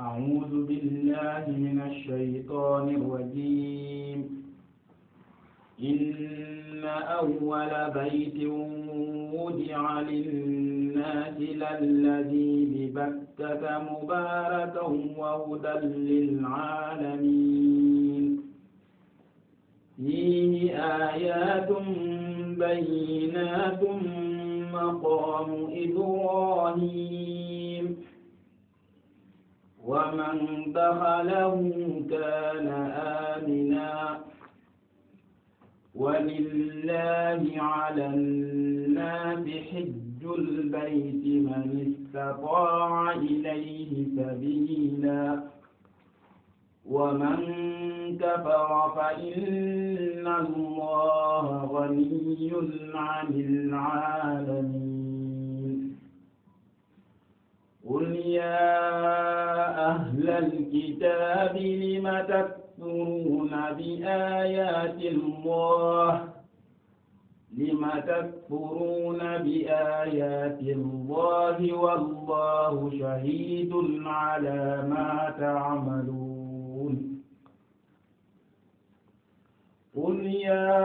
أعوذ بالله من الشيطان الرجيم إن أول بيت وضع للناس للذي ببكة مباركا وهدى للعالمين فيه آيات بينات مقام إبراهيم ومن دخله كان آمنا ولله على الناس حج البيت من استطاع إليه سبيلا ومن كفر فإن الله غني عن العالمين قل يا أهل الكتاب لم تكفرون بآيات الله لم تكفرون بآيات الله والله شهيد على ما تعملون قل يا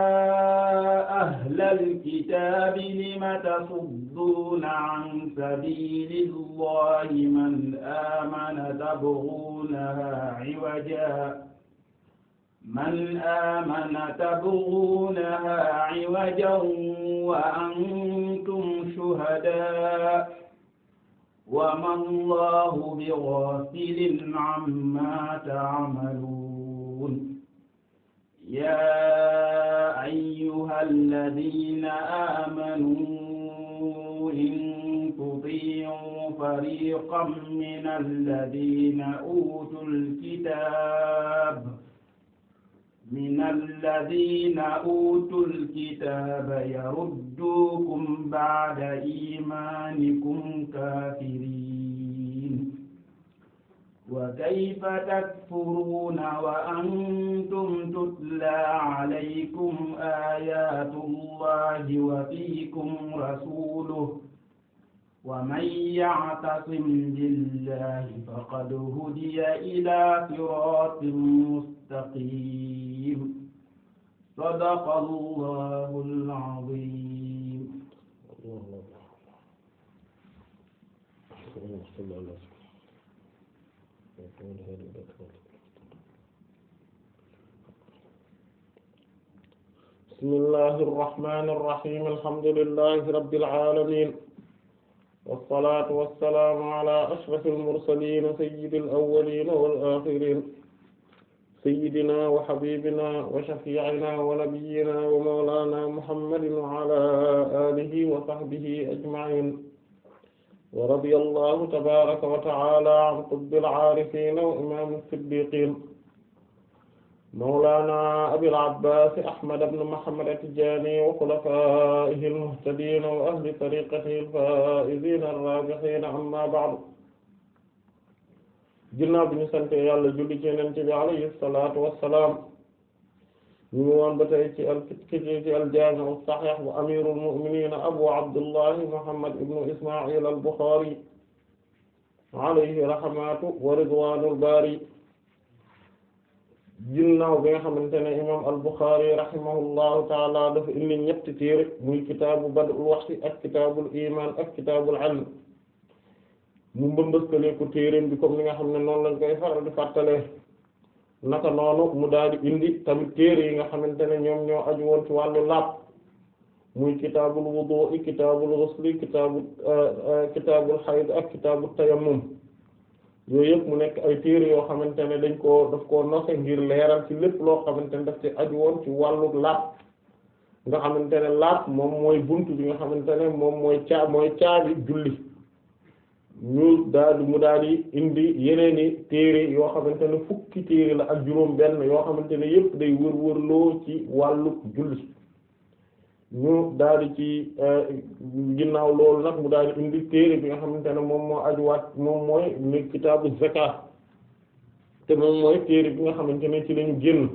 أهل الكتاب لم تصدون عن سبيل الله من آمن تبغونها عوجا من آمن تبغونها عوجا وأنتم شهداء وما الله بغافل عما تعملون يا أيها الذين آمنوا إن تطيعوا فريقا من الذين أوتوا الكتاب من الذين أوتوا الكتاب يردوكم بعد إيمانكم كافرين وكيف تكفرون وأنتم تتلى عليكم آيات الله وفيكم رسوله ومن يعتصم بالله فقد هدي إلى صراط مستقيم صدق الله العظيم اللهم صل على bismillahir rahmanir rahim alhamdulillahi rabbil alamin wassalatu wassalamu ala ashrafil mursalin sayyidil awwalin wal akhirin sayyidina wa habibina wa shafi'ina wa nabiyyina wa mawlana muhammadin wa ala alihi wa sahbihi ajma'in wa radiyallahu tabaraka wa ta'ala an qutbil aarifin wa imam as-siddiqin mawlana abil abbas ahmad ibn muhammad at-tijani wa khulafaihi al-muhtadin wa ahli tariqatihi al-faizin ar-rabihin amma ba'd ginnaaw bi ñu sant yàlla julli ci Yonent bi alayhi salatu wassalam ñu ngi woon ba tey ci al ci al jaami' as-sahih wa amirul mu'minin abu abdullah muhammad ibnu isma'il al bukhari alayhi rahmatu wa ridwanul bari ginnaaw bi nga xam ne imam al bukhari rahimahullahu taala dafa indi ñetti téere muy kitaabu bad'ul wahyi ak kitaabul iman ak kitaabul ilm mu mbëmbëskale ko téereem bi comme ni nga xam ne noonu lañ koy faral di fàttalee naka noonu mu daal di indi tamit téere yi nga xamante ne ñoom ñoo aju woon ci wàllu laab muy kitaabul wudu kitaabul ghusli kitaabul euh, kitaabul hayd ak kitaabul tayammum yooyu yëpp mu nekk ay téere yoo xamante ne dañ koo daf koo nose ngir leeral ci lépp loo xamante ne daf ci aju woon ci wàllu laab nga xamante ne moom mooy bunt bi nga xamante ne moom mooy caa mooy caabi julli ñu daal mu daal di indi yeneeni téere yoo xamante ne fukki téere la ak juróom benn yoo xamante ne yépp day wër wërloo ci wàllu julli ñu daal di ci euh, ginnaaw loolu nag mu daal di indi téere bi nga xamante ne moom moo ajuwaat moom mooy ni kitaabu zakat te moom mooy téere bi nga xamante ne ci lañu génn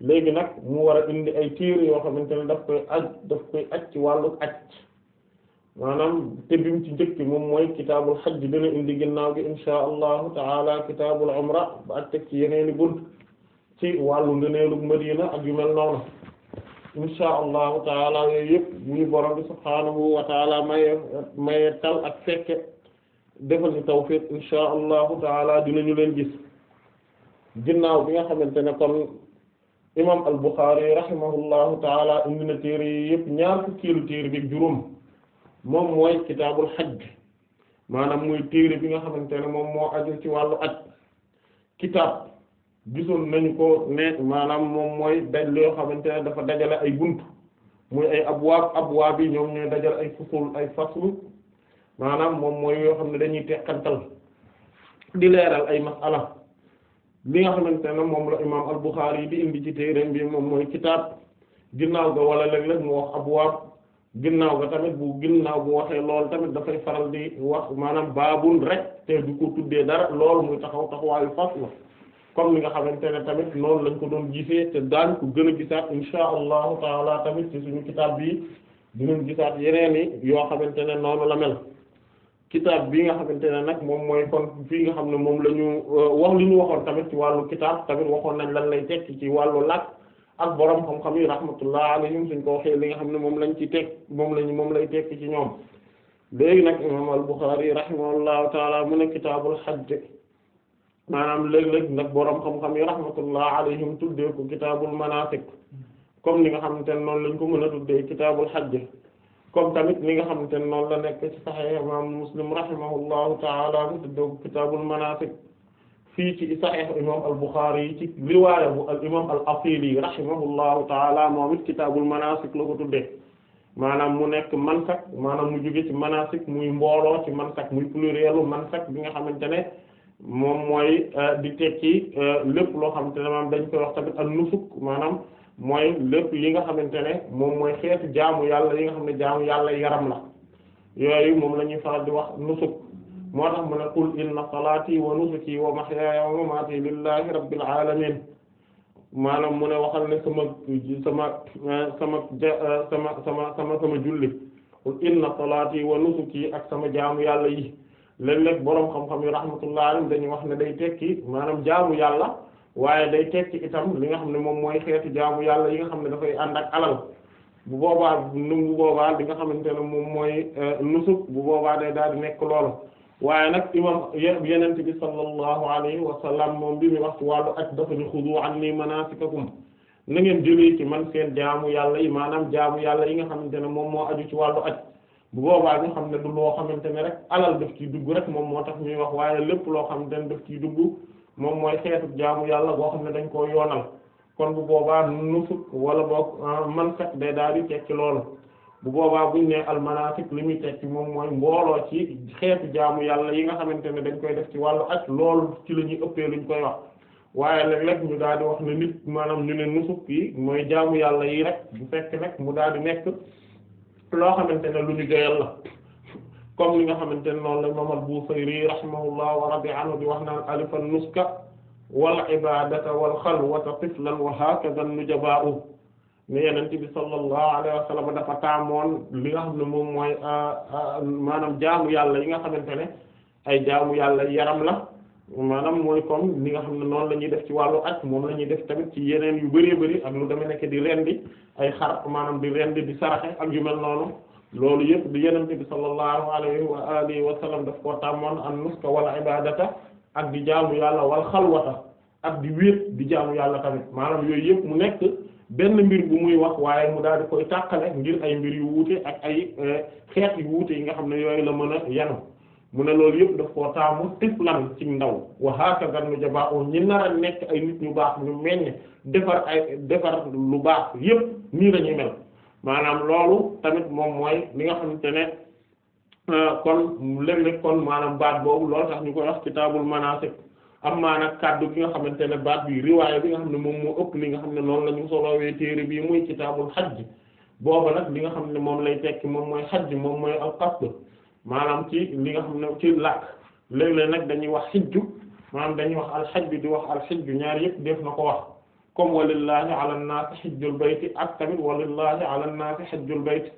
léegi nag mu war a indi ay téere yoo xamante ne daf koy aj daf koy aj ci wàllu aj maanaam te bi mu ci njëkk moom mooy kitaabul xajj dina indi ginnaaw gi inshaa allahu taala kitaabul umra ba ak ci yeneeni bunt ci wàllu ngëneelu Madina ak yu mel noonu inshaa allahu taala yooyu yëpp muy borom bi subhaanahu wa taala maye tal ak fekke defal ñu tawfiq inshaa allahu taala dinañu leen gis ginnaaw bi nga xamante ne kon imam al Buxaari rahimahullahu taala indi na téere yi ñaar fukkeelu téere bi juróom moom mooy kitaabul xaj maanaam mooy téere bi nga xamante ne moom moo aju ci wàllu ak kitaab gisoon nañu ko ne maanaam moom mooy daj loo xamante ne dafa dajale ay bunt muy ay abwaab abwaab yi ñoom ñooy dajal ay fusul ay faslu maanaam moom mooy yoo xam ne dañuy teqantal di leeral ay masala li nga xamante ne moom la imaam al Buxaari yi di indi ci téereem bi moom mooy kitaab ginnaaw ga wala léeg-léeg mu wax abwaab ginnaaw ga tamit bu ginnaaw bu waxee lool tamit dafay faral di wax maanaam baabun rek te du ko tuddee dara lool muy taxaw taxawaayu fas la comme ni nga xamante ne tamit noonu lañ ko doon gisee te daañ ko gën a gisaat insha allahu taala tamit ci suñu kitaab bi dinañ gisaat yeneen yi yoo xamante ne noonu la mel kitaab bi nga xamante ne nag moom mooy kon fii nga xam ne moom la ñu euh, wax li ñu waxoon tamit ci wàllu kitaab tamit waxoon nañ lañ lay tekki ci wàllu làkk ak borom xam-xam yi rahmatullah alayhim suñ ko waxee li nga xam ne moom lañ ci teg moom lañ moom lay tekki ci ñoom léegi nag imam al-Bukhari rahimahullahu taala mu ne kitaabul hajj maanaam léeg-léeg nag borom xam-xam yi rahmatullah alayhim tuddee ko kitaabul manasik comme ni nga xamante ne noonu lañ ko mën a tuddee kitaabul hajj comme tamit ni nga xamante ne noonu la nekk ci Sahih imam Muslim rahimahullahu taala mu tuddee kitaabul manasik fii ci sahih imam al Bukhari ci riwaaya bu al imam al Asili rahimahullahu taala moom it kitaabul manasik la ko tuddee maanaam mu nekk mansak maanaam mu jóge ci manasik muy mbooloo ci mansak muy plurielu mansak bi nga xamante ne moom mooy euh, di tekki euh, lépp loo xamante ne maanaam dañ koy wax tamit ak nusuk maanaam mooy lépp yi nga xamante ne moom mooy xeetu jaamu yàlla yi nga xam ne jaamu yàlla yaram la yooyu moom la ñuy di wax nusuk moo tax mu ne qul inna salaati wa nusuki wa mahyaaya wa mamaati lillahi rabbil alamin maanaam mu ne waxal ne sama sama sama sama sama sama sama julli qul inna salaati wa nusuki ak sama jaamu yàlla yi léeg-léeg boroom xam-xam yi rahmatullah alayhim dañuy wax ne day tekki maanaam jaamu yàlla waaye day tekki itam li nga xam ne moom mooy xeetu jaamu yàlla yi nga xam ne dafay ànd ak alal bu boobaa nu bu boobaa li nga xamante ne moom mooy eh, nusuk bu boobaa day daal di nekk lool waaye nag imam yenente bi sallallahu alayhi wa sallam moom bi mi wax ci wàllu ak dafa ñu xudu anni manasikakum na ngeen jëlee ci man seen jaamu yàlla yi maanaam jaamu yàlla yi nga xamante ne moom moo aju ci wàllu aj bu boobaa ñu xam ne du loo xamante ne rek alal daf ciy dugg rek moom moo tax ñuy wax waaye lépp loo xam ne daf ciy dugg moom mooy xeetu jaamu yàlla boo xam ne dañ koo yoonal kon bu boobaa nusuk wala boo ah, man fekk day daal di tekki loolu bu boobaa buñ ne almanasik li muy tekki moom mooy mbooloo ci xeetu jaamu yàlla yi nga xamante ne dañ koy def ci wàllu ak loolu ci la ñuy ëppee luñ koy wax waaye léeg-léeg ñu daal di wax ne nit maanaam ñu ne nusuk yi mooy jaamu yàlla yi rek bu fekk nag mu daal di nekk loo xamante ne lu ñu doyal la comme li nga xamante ne noonu la imam al-Busayri rahimahullah a radi anhu di wax naan alifan nuska wal ibadata wal xalwata tiflan wa hakaza nujabaa'u ne yenent bi sallallahu alayhi wa sallam dafa taamoon li nga xam ne moom mooy euh, euh, maanaam jaamu yàlla yi nga xamante ne ay jaamu yàlla yaram la maanaam mooy comme ni nga xam ne noonu la ñuy def ci wàllu aj moom la ñuy def tamit ci yeneen yu bëree bëri ak lu deme nekk di rendi ay xar maanaam di rendi di saraxe ak yu mel noonu loolu yëpp di yenent bi sallallahu alayhi wa alihi wa sallam daf koo tàmmoon an nuska wala ibadata ak di jaamu yàlla wal xalwata ak di wéet yàlla tamit benn mbir bu muy wax waaye mu daal di koy tàqale ngir ay mbir yu wuute ak ay euh, xeet yu wuute yi nga xam ne yooyu la mën a yanu mu ne loolu yëpp daf koo taamu tiflan ci ndaw waxaaka gan nu jabaa oo ñi nar a nekk ay nit ñu baax ñu meññ defar ay defar lu baax yëpp nii lañuy mel maanaam loolu tamit moom mooy li nga xamante ne euh, kon léeg-léeg kon maanaam baat boobu loolu tax ñu koy wax kitaabul manaasik amma nag kaddu ki nga xamante ne baat bi riwaaya bi nga xam ne moom moo ëpp li nga xam ne noonu la ñu solowee téere bii muy kitaabul xajj booba nag li nga xam ne moom lay tekki moom mooy xajj moom mooy al qasd maanaam ci li nga xam ne ci làkk léeg nag dañuy wax xijju maanaam dañuy wax alxajju di wax alxijju ñaar yëpp def na ko wax comme walillahi ala nnaasi xijjul bayti ak tamit walillahi ala nnaasi xijjul bayti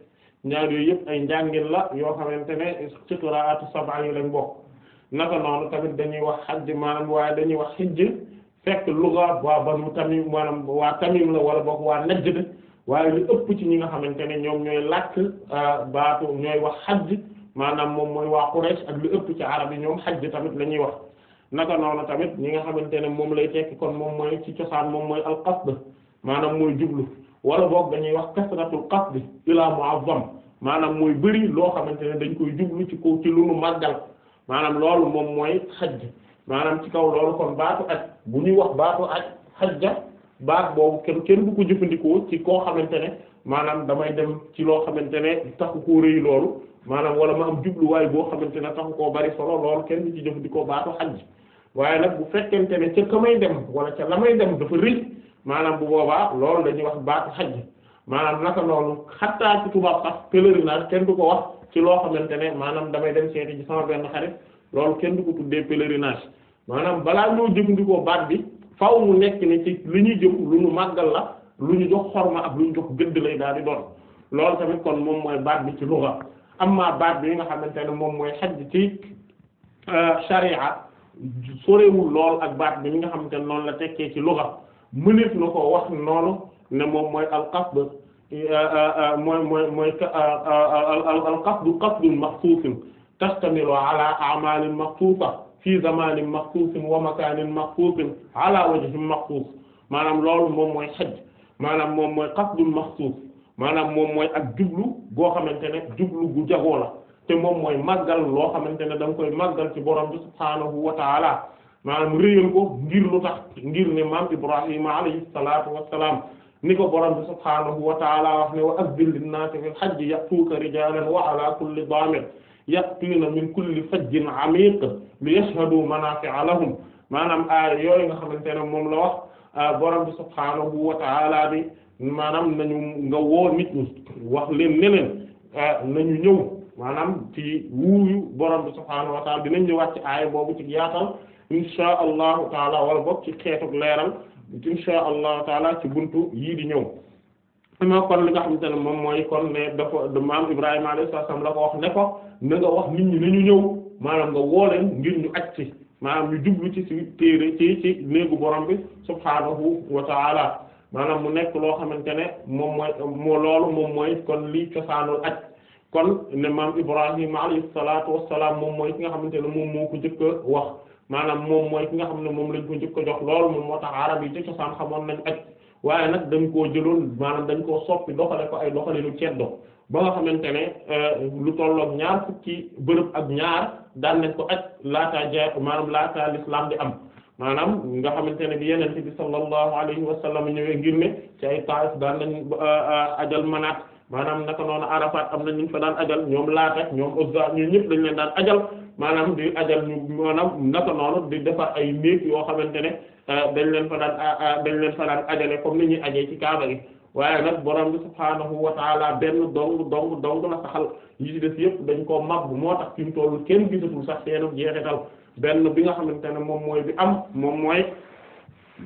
ñaar yooyu yëpp ay njàngin la yoo xamante ne ci qiraatu yi lañ bokk naka noonu tamit dañuy wax xajj maanaam waaye dañuy wax xijj fekk luga waa banu tamim maanaam waa tamim la wala boog waa najd de waaye lu ëpp ci ñi nga xamante ne ñoom ñooy làkk euh, baatu ñooy wax xaj maanaam moom mooy waa Quraysh ak lu ëpp ci arab yi ñoom xajj tamit la ñuy wax naka noonu tamit ñi nga xamante ne moom lay tekki kon moom mooy ci cosaan moom mooy alqasd maanaam mooy jublu wala boog dañuy wax kasratul qasd ila mu'azzam maanaam mooy bëri loo xamante ne dañ koy ci ko ci lu nu màggal maanaam loolu moom mooy xajj maanaam ci kaw loolu kon baatu aj bu ñuy wax baatu aj xajja baat boobu kenn kenn bu ko jëfandikoo ci koo xamante ne maanaam damay dem ci loo xamante ne taxu koo rëy loolu maanaam wala ma am jubluwaay boo xamante ne taxu koo bari solo loolu kenn du ci jëfandikoo baatu xajj waaye nag bu fekkente ne ca ka may dem wala ca la may dem dafa rëy maanaam bu boobaa loolu dañuy wax baatu xajj maanaam naka noonu xattaa ci tubaab sax pèlerinage kenn du ko wax ci loo xamante ne maanaam damay dem seeti ci sama benn xarit loolu kenn du ko tuddee pèlerinage maanaam balaa ñoo jëfandikoo baat bi faaw mu nekk ne ci lu ñuy jëm lu ñu màggal la lu ñu jox ma ak lu ñu jox gëdd lay daal di doon loolu tamit kon moom mooy baat bi ci luga amma baat bi nga xamante ne moom mooy xaj ci euh, sharia sorewul lool ak baat bi nga xamante ne noonu la tekkee ci luga mënees na ko wax noonu ne moom mooy al Euh, euh, euh, mooy mooy mooy al qasdu qasdun maxsuusin tashtamilu ala a'maalin maxsuusa fi zamanin maxsuusin wa makaanin maxsuusin ala wajhin maxsuus maanaam loolu moom mooy xaj maanaam moom mooy qasdun maxsuus maanaam moom mooy ak jublu goo xamante ne jublu gu jagoo la te moom mooy màggal loo xamante ne da nga koy màggal ci borom bi subhaanahu wa taala maanaam réyal ko ngir lu tax ngir ne maam Ibrahima alayhi salaatu wa salaam ni ko borom bi subhaanahu wa taala wax ne wa azzin linnaasi fil hajji ya'tuuka rijaalan wa alaa kulli daamirin ya'tiina min kulli fajjin amiiq li yashhaduu manaafi'a lahum maanaam aaya yooyu nga xamante ne moom la wax ah, borom bi subhaanahu wa taala bi maanaam nañu nga woo nit ñi wax leen ne leen ah, nañu ñëw maanaam ci wuuyu borom bi subhaanahu wa taala dinañ ñëwaat ci aaya boobu ci yaatal insha allahu taala wala boog ci xeetuk leeral insha allah taala ci buntu yii di ñëw ima kon li nga xamante ne moom mooy kon ne dafa maam Ibrahima alayhi salaam la ko wax ne ko na nga wax nit ñi ñu ñëw maanaam nga woo leen ngir ñu aj ci maanaam ñu jublu ci ci téere ci ci néegu borom bi subhaanahu wa taala maanaam mu nekk loo xamante ne moom mooy moo loolu moom mooy kon lii cosaanul aj kon ne maam Ibrahima alayhi salaatu wa salaam moom mooy ki nga xamante ne moom moo ku jëkk wax maanaam moom mooy ki nga xam ne moom lañ ko njëkk ko jox loolu moom moo tax arab yi ci cosaan xamoon nañ aj waaye nag dañ koo jëloon maanaam dañ koo soppi doxale ko ay doxalinu ceddo ba nga xamante ne euh, lu tolloog ñaar fukki bërëb ak ñaar daan nañ ko aj laataa ja maanaam laataa l'islam di am maanaam nga xamante ne bi yeneen bi sallallahu alayhi wa sallam ñëwee ngir ne ci ay taif daan nañ euh, ajal manaat maanaam naka noonu arafat am na ñu fa daan ajal ñoom laata ñoom uzza ñun ñëpp dañ leen daan ajal maanaam di ajal ñu maanaam naka noonu di defar ay néeg yoo xamante ne euh, dañ leen fa daan euh, euh, dañ leen fa daan ajale comme ni ñuy ajee ci kaaba gi waaye nag borom bi subhaanahu wa taala benn dong dong dong la saxal yi ci def yëpp dañ koo màbb moo tax fi mu toll kenn gisatul sax seenu jeexital benn bi nga xamante ne moom mooy bi am moom mooy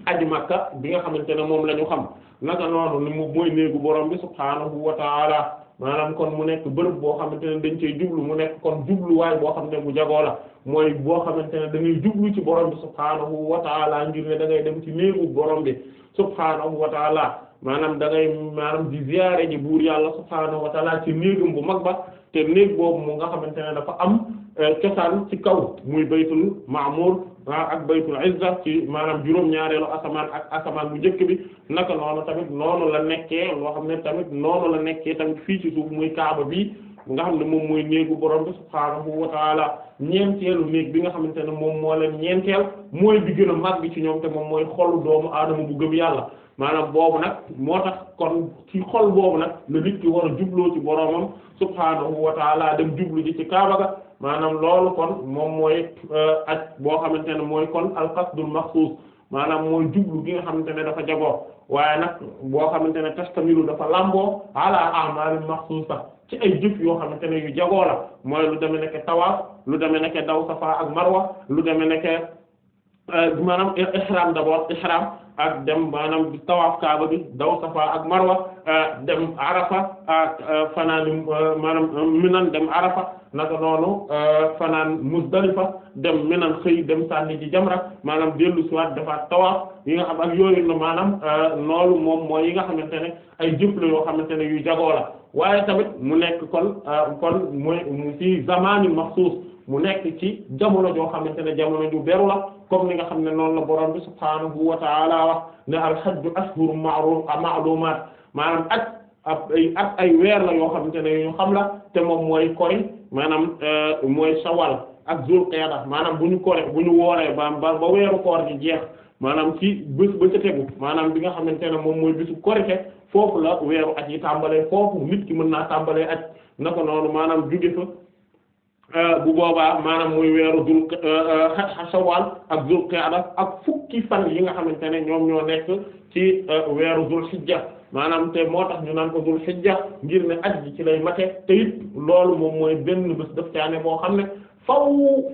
aji makka bi nga xamante ne moom la ñu xam naka noonu ni mu mooy néegu borom bi subhaanahu wa taala maanaam kon mu nekk bërëb boo xamante ne dañ cey jublu mu nekk kon jubluwaay boo xam ne bu jagoo la mooy boo xamante ne da jublu ci borom bi subhaanahu wa ngir ne da ngay dem ci néegu borom bi subhaanahu wa taala maanaam dangay ngay maanaam di ziyaare ji buur yàlla subhaanahu wa taala ci néegam bu mag ba te néeg boobu mu nga xamante ne dafa am eh, cosaan ci kaw muy baytul ma'mur ak baytul izza ci maanaam juróom-ñaareelu asamaan ak asamaan bu njëkk bi naka noonu tamit noonu la nekkee loo xam ne tamit noonu la nekkee tamit fii ci suuf muy kaaba bi nga xam ne moom mooy néegu borom bi subhaanahu wa taala ñeenteelu néeg bi nga xamante ne moom moo leen ñeenteel mooy bi gën a mag bi ci ñoom te moom mooy xolu doomu aadama bu gëm yàlla maanaam boobu nag moo tax kon ci xol boobu nag la nit ki war a jubloo ci boroomam subhaanahu wa taala dem jublu ji ci kaaba ga maanaam loolu kon moom mooy euh, aj boo xamante ne mooy kon alqasdul maxsuus maanaam mooy jublu gi nga xamante ne dafa jagoo waaye nag boo xamante ne tastamilu dafa lamboo ala a'maalin maxsuusa ci ay jëf yoo xamante ne yu jagoo la mooy lu deme nekk tawaaf lu deme nekk daw safa ak marwa lu deme nekk euh, maanaam ihram d'abord ihram ak dem maanam di kaaba bi daw safa ak marwa euh, dem arafa euh, fanaan euh, maanaam minan dem arafa naka noonu fanaan musdalifa dem minan xëy dem sànni ci jamra maanaam dellu siwaat dafa tawaaf yi nga xam ak yooyu la maanaam loolu moom mooy yi nga xamante ne ay jëfla yoo xamante ne yu jagoo la waaye tamit mu nekk kon kon mooy ci zamaani maxsuus mu nekk ci jamono joo xamante ne jamono ju beru la comme ni nga xam ne noonu la borom bi subhaanahu wa ta'ala wax ne al-hajju ashhurun ma'lumaat maanaam at ak ay weer la yoo xamante ne ñu xam la te moom mooy kori maanaam euh, mooy sawal ak zul qiyada maanaam bu ñu kore bu ñu wooree ba ba weeru koor ji jeex maanaam ci bés ba maanaam bi nga xamante ne moom mooy bésu korite foofu la weeru at yi tàmbalee foofu nit ki mën naa tàmbalee at naka noonu maanaam jóge Euh, bu boobaa maanaam muy weeru dul euh, euh, Shawwal ak dul Qa'da ak fukki fan yi nga xamante ne ñoom ñoo nekk ci weeru dul Hijja maanaam te moo tax ñu naan ko dul Hijja ngir ne aj ci lay mate te loolu moom mooy benn bés daf caane boo xam ne faw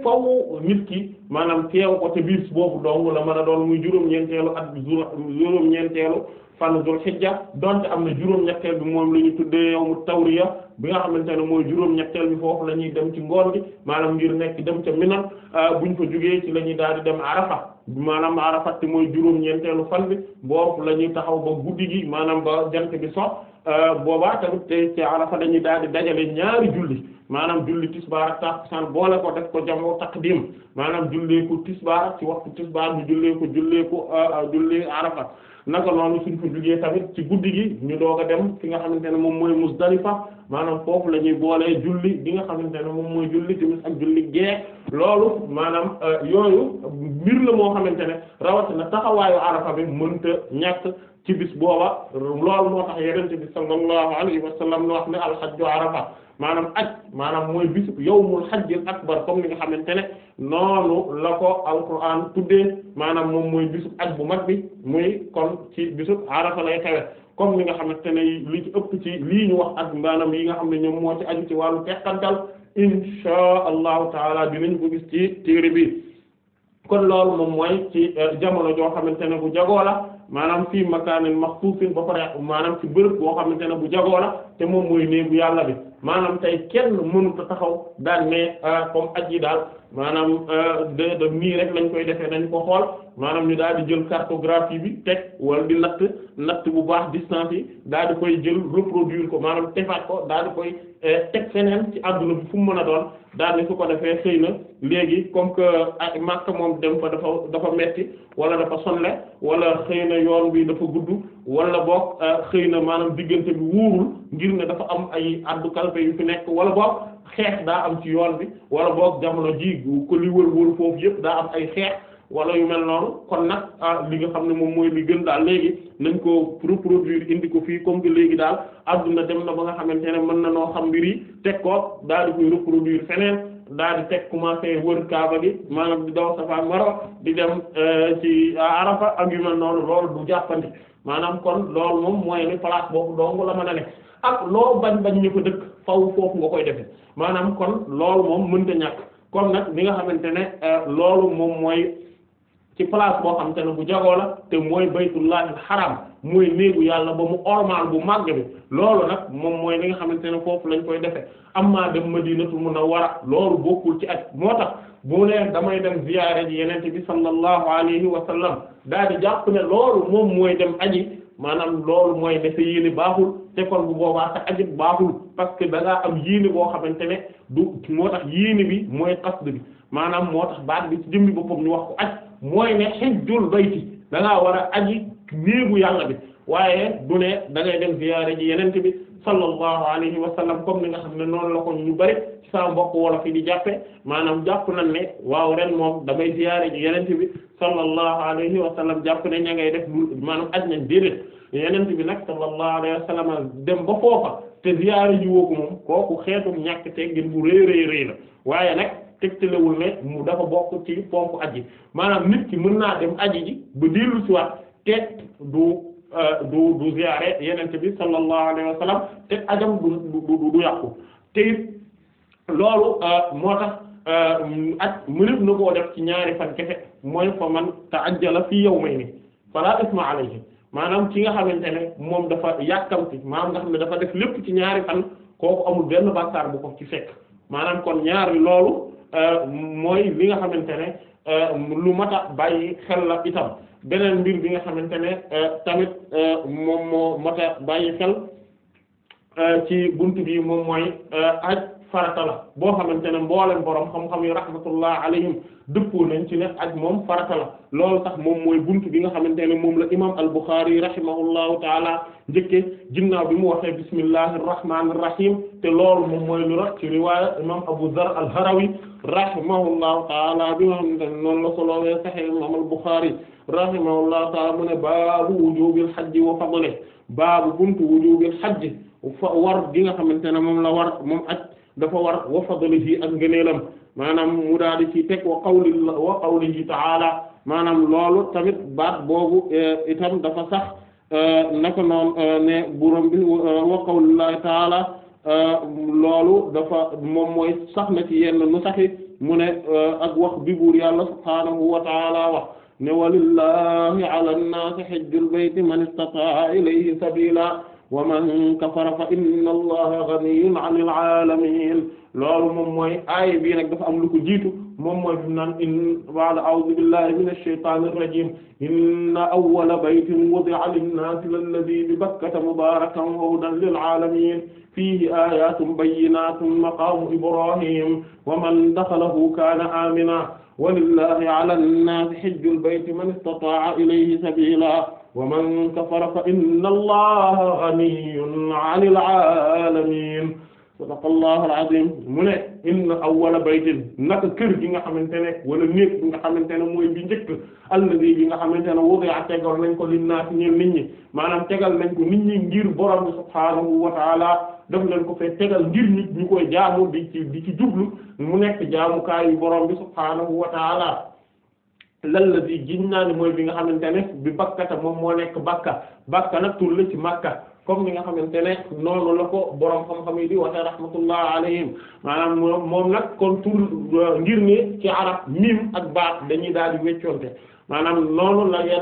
faw mit ki maanaam teew ko te biir boobu dong la mën a doon muy juróom-ñeenteelu at bi juróom-ñeenteelu fan dul Hijja donte am na juróom-ñetteel bi moom la ñu tuddee yawmu tawriya bi nga xamante ne mooy juróom-ñetteel bi foofu la ñuy dem ci ngoon mi maanaam ngir nekk dem ca Mina euh, buñ fa jógee ci la ñuy daal di dem Arafa maanaam Arafa te mooy juróom-ñeenteelu fan bi boobu la ñuy taxaw ba guddi gi maanaam ba jant bi so euh, boobaa tamit te ci Arafa la daal di dajalee ñaari julli maanaam julli tisbaar ak takkusaan boole ko def ko jamoo taqdim maanaam jullee ko tisbaar ci waxtu tisbaar bi jullee ko jullee ko euh, jullee Arafa naka noonu suñ fa jógee tamit ci guddi gi ñu doog a dem fi nga xamante ne moom mooy Muzdalifa maanaam maanaam foofu lañuy boole boolee julli bi nga xamante ne moom mooy julli ak julli gee loolu maanaam euh, yooyu mbir la moo xamante ne rawatina taxawaayu arafa bi mënta ñàkk ci bis booba loolu moo tax yonent bi sallallahu alayhi wa sallam nu wax ne alxajju arafa maanaam aj maanaam mooy bisu yawmul hajjil akbar comme ni nga xamante ne noonu la ko alquran tuddee maanaam moom muy bisu aj bu mag bi muy kon ci bisu arafa lay xewe comme ni nga xamante ne li ci ëpp ci lii ñu wax ak mbaanaam yi nga xam ne ñoom moo ci aju ci wàllu teqantal insha allahu taala dinañ ko gis ci téere bi kon loolu moom mooy ci euh, jamono joo xamante ne bu jagoo la maanaam fii makaanin maxsuusin ba pare maanaam ci bërëb boo xamante ne bu jagoo la te moom mooy néegu yàlla bi maanaam tey kenn mënut a taxaw daan ne euh, comme aji daal. maanaam euh, de nii rek lañ koy defee dañ ko xool maanaam ñu daal di jël cartographie bi teg wala di natt natt bu baax distance yi daal di koy jël reproduire ko maanaam tefaat ko daal di koy euh, teg feneen ci àdduna bi fu mu mën a doon daal di su ko defee xëy na léegi comme que ak Makka moom dem fa dafa dafa metti wala dafa sonle wala xëy na yoon bi dafa gudd wala boog euh, xëy na maanaam diggante bi wuurul ngir ne dafa am ay addu kalpe yu fi nekk wala boog xeex daa am ci yoon bi wala boog jamono ji ko li wër wër foofu yëpp daa am ay xeex wala yu mel noonu kon nag ah li nga xam ne moom mooy li gën daal léegi nañ ko reproduire indi ko fii comme que léegi daal adduna dem na ba nga xamante ne mën na noo xam mbir yi teg ko daal di koy reproduire feneen daal di teg commencé wër kaaba gi maanaam di daw Safa Marwa di dem euh, ci ah, Arafa ak yu mel noonu loolu du jàppandi maanaam kon loolu moom mooy ne place boobu dong mën a ne ak loo bañ bañ ñu ko dëkk faw foofu nga koy defee. maanaam kon loolu moom mënta ñàkk kon nag li nga xamante ne euh, loolu moom mooy ci place boo xamante ne bu jagoo la te mooy baytullahil xaram mooy néegu yàlla ba mu ormal bu màgg bi loolu nag moom mooy li nga xamante ne foofu lañ koy defe amma dem madinatu munawwara loolu bokkul ci at moo tax bu neex damay dem ziyaare ji yenente bi sallallahu alayhi wa sallam daal di jàpp ne loolu moom mooy dem aji maanaam loolu mooy ne sa baaxul te bu boobaa sa ajit baaxul parce que da ngaa am yéene boo xamante ne du moo tax yéene bi mooy qasd bi maanaam moo tax baat bi ci jëmmi boppam ñu wax ko aj mooy ne hajjul bayti da ngaa war a aji bu yàlla bi waaye du ne da ngay dem ziyaare ji yeneen bi sallallahu alayhi wa sallam comme ni nga xam ne noonu la ko ñu bari ci mbokk wolof yi di jàppe maanaam jàpp nañ ne waaw ren moom damay ziyaare ji yenente bi sallallahu alayhi wa sallam jàpp ne ña ngay def lu maanaam aj nañ déedéet yenente bi nag sallallahu alayhi wa sallam dem ba foofa te ziyaare ji woo moom kooku xeetu ñàkk teggin bu rëy rëy na waaye nag tegtalewul ne mu dafa bokk ci pomp aji maanaam nit ki mën naa dem aji ji ba dellu ci waat du Euh, du du ziyaare yenente bi sallallahu alayhi wa sallam te ajam du du yàqu te loolu euh, moo tax euh, aj mëneb na koo def ci ñaari fan kese mooy fa man ta'ajjala fi yawmayni fala isma alayhi maanaam ki nga xamante ne moom dafa yàkkamti maanaam nga xam ne dafa def lépp ci ñaari fan kooku amul benn bàkkaar bu ko ci fekk maanaam kon ñaari loolu mooy li nga xamante ne lu mat a bàyyi xel la itam beneen mbir bi nga xamante ne euh, tamit euh, moom moo mata euh, ci buntu bi moom mooy aj farata la boo xamante ne mbooleen borom xam-xam yi rahmatullah alayhim dëppoo nañ ci ne aj moom farata la loolu tax moom mooy buntu bi nga xamante ne moom la imam al-Bukhari rahimahullahu taala njëkke ginnaaw bi mu waxee bismillahir rahmanir rahim te loolu moom mooy lu rot ci riwaaya al-Harawi rahimahullahu taala bi nga xamante ne noonu la soloowee saxe imam al-Bukhari rahimahullahu taala mu ne baabu wujubil xajji wa fadlihi baabu buntu wujubil xajji war gi nga xamante ne moom la war moom aj dafa war wa fadlihi ak ngëneelam maanaam mu daal di ci teg wa qawli wa qawlihi taala maanaam loolu tamit baat boobu eh, itam dafa sax eh, naka noon eh, ne borom bi wa qawlillahi taala loolu dafa moom mooy sax na ci yenn nu saxi mu ne ak wax bi buur yàlla subhaanahu wa taala wax ne walillahi ala nnaasi hajjul bayti man istata'a ilayhi sabila wa man kafara fa inna allaha ghaniyyun 'anil 'alamin loolu moom mooy aaya bii nag dafa am lu ko jiitu moom mooy bi naan in wala a'uuzu billahi minash shaytaanir rajiim inna awwala baytin wudi'a lin-naasi lalladhii bi bakkata mubaarakan wa hudan lil-'aalamiin fiihi aayaatun bayyinaatun maqaamu ibraahiim wa man daxalahu kaana aaminan walillaahi 'alan-naasi hijjul bayti man istataa'a ilayhi sabiilaa wa man kafara fa inna allaha ghaniyyun 'anil 'aalamiin sadaqallahu alazim mu ne inna awwala baytin naka kër gi nga xamante ne wala néeg bi nga xamante ne mooy bi njëkk alladhi bi nga xamante ne wudi'a tegal nañ ko linnaasi ñeen nit ñi maanaam tegal nañ ko nit ñi ngir borom bi subhaanahu wa ta'ala daf leen ko fee tegal ngir nit ñu koy jaamu bi ci ci jublu mu nekk jaamukaayu borom bi subhaanahu wa ta'ala lalladhi giñ naa ne mooy bi nga xamante ne bi bakkata moom moo nekk bakka bakka nag tur la ci makka comme ni nga xamante ne noonu la ko borom xam-xam yi di waxee rahmatullah alayhim maanaam moom nag kon tur euh, ngir ne ci arab mim ak baat dañuy daal di weccoonte maanaam noonu la yi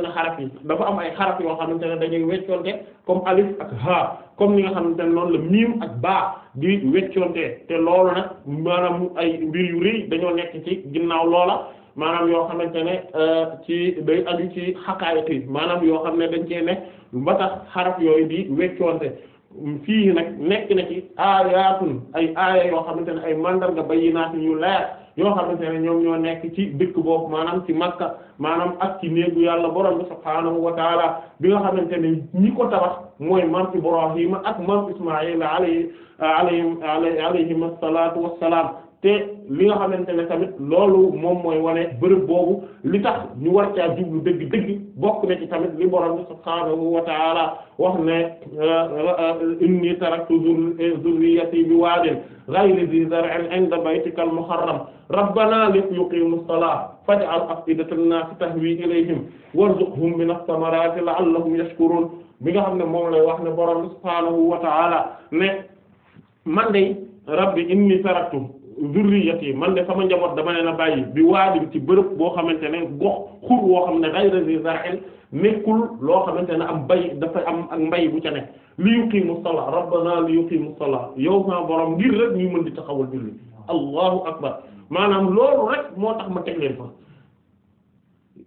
dafa am ay xaraf yoo xamante ne dañuy weccoonte comme alif ak ha comme nga xamante ne noonu la miim ak baa di weccoonte te loolu nag maanaam ay mbir yu rëy dañoo nekk ci ginnaaw loola maanaam yoo xamante ne euh, ci day aju ci xaqaayiq yi maanaam yoo xam ne dañ cee ne ba tax xaraf yooyu di weccoonte fii nag nekk na ci aayaatun ay aaya yoo xamante ne ay màndarga mandarga bayyinaat yu leer yoo xamante ne ñoom ñoo nekk ci dëkk boobu maanaam ci Makka maanaam ak ci néegu yàlla borom bi subhaanahu wa taala bi yoo xamante ne ñi ko tabax mooy maam Ibrahima ak maam Ismaayil alayhi alayhi alayhi alayhim assalaatu wassalaam te li nga xamante ne tamit loolu moom mooy wane bërëb boobu li tax ñu war caa jublu dëgg dëgg bokk na ci tamit li borom subhaanahu wa ta'ala wax ne inni taraktu zurriyati bi waadin ghayri dhi zar'in 'inda baytika al-muharram rabbana li yuqimu as-salata faj'al af'idata an-nasi tahwi ilayhim warzuqhum min ath-thamarati la'allahum yashkurun bi nga xam ne moom lay wax ne borom subhaanahu wa ta'ala ne man de rabbi inni taraktu yi man de sama njaboot dama leen a bàyyi bi waadi ci bërëb boo xamante ne gox xur woo xam ne ghayra zi zar'in nekkul loo xamante ne am bay dafa am ak mbay bu ca li yuqimu salaa rabbana li yuqimu salaa yow sama borom ngir rek ñu mën di maanaam loolu rek moo tax ma teg leen fa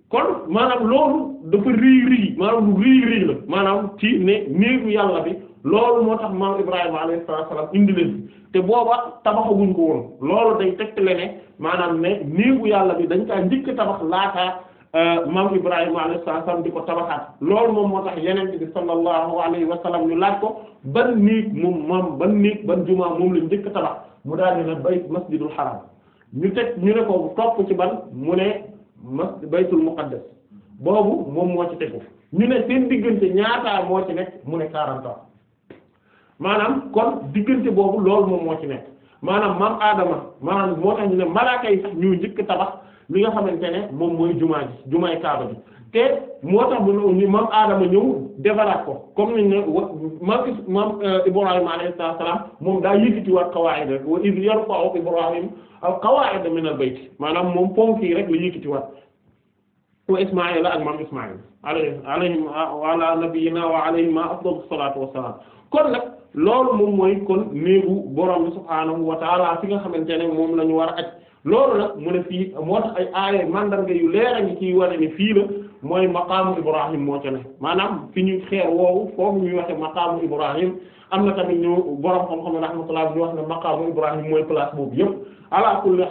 kon maanaam loolu dafa rëy rëy maanaam lu rëy rëy la maanaam ci ne néegu yàlla bi loolu moo tax maam Ibrahima alayhi salaam indi leen te booba tabaxaguñ ko woon loolu day tegtale ne maanaam ne néegu yàlla bi dañ kaa njëkk tabax laataa euh, maam Ibrahima alayhi salaam di ko tabaxaat loolu moom moo tax yeneen bi sallallahu alayhi wa ñu laaj ko ban néeg moom maam ban néeg ban jumaa moom lañ njëkk tabax mu daal di ne bayt masjidul haram ñu teg ñu ne ko topp ci ban mu ne mas baytul muqaddas boobu moom moo ci tegu ñu ne diggante ñaata moo mu ne 40 maanaam kon diggante boobu loolu moom moo ci nekk maanaam maam aadama maanaam moo tax ñu ne malaaka sax ñu njëkk tabax li nga xamante ne moom mooy jumaa ji jumaay kaaba bi te moo tax ko comme niñ ne wa maam euh, moom daa yëkkati waat qawaa'id rek wa iz yarfa'u ibrahim al qawaa'ida min al bayt maanaam moom ponk yi rek la yëkkati waat wa ismaila ak maam ismail alayhi naa wa ala nabiyyina wa alayhima afdalu salaatu wassalaam kon nag loolu moom mooy kon néegu borom subhaanahu wa taala fi nga xamante ne moom la ñu war a aj loolu nag mu ne fii moo tax ay aaya mandarga yu leer a ngi ciy wane ni fii la mooy maqaamu Ibrahim moo ca ne maanaam fi ñu xeer woowu foofu ñuy waxe maqaamu Ibrahim am na tamit ñu borom xam-xam rahmatullah ñu wax ne maqaamu Ibrahim mooy place boobu yëpp ala kulli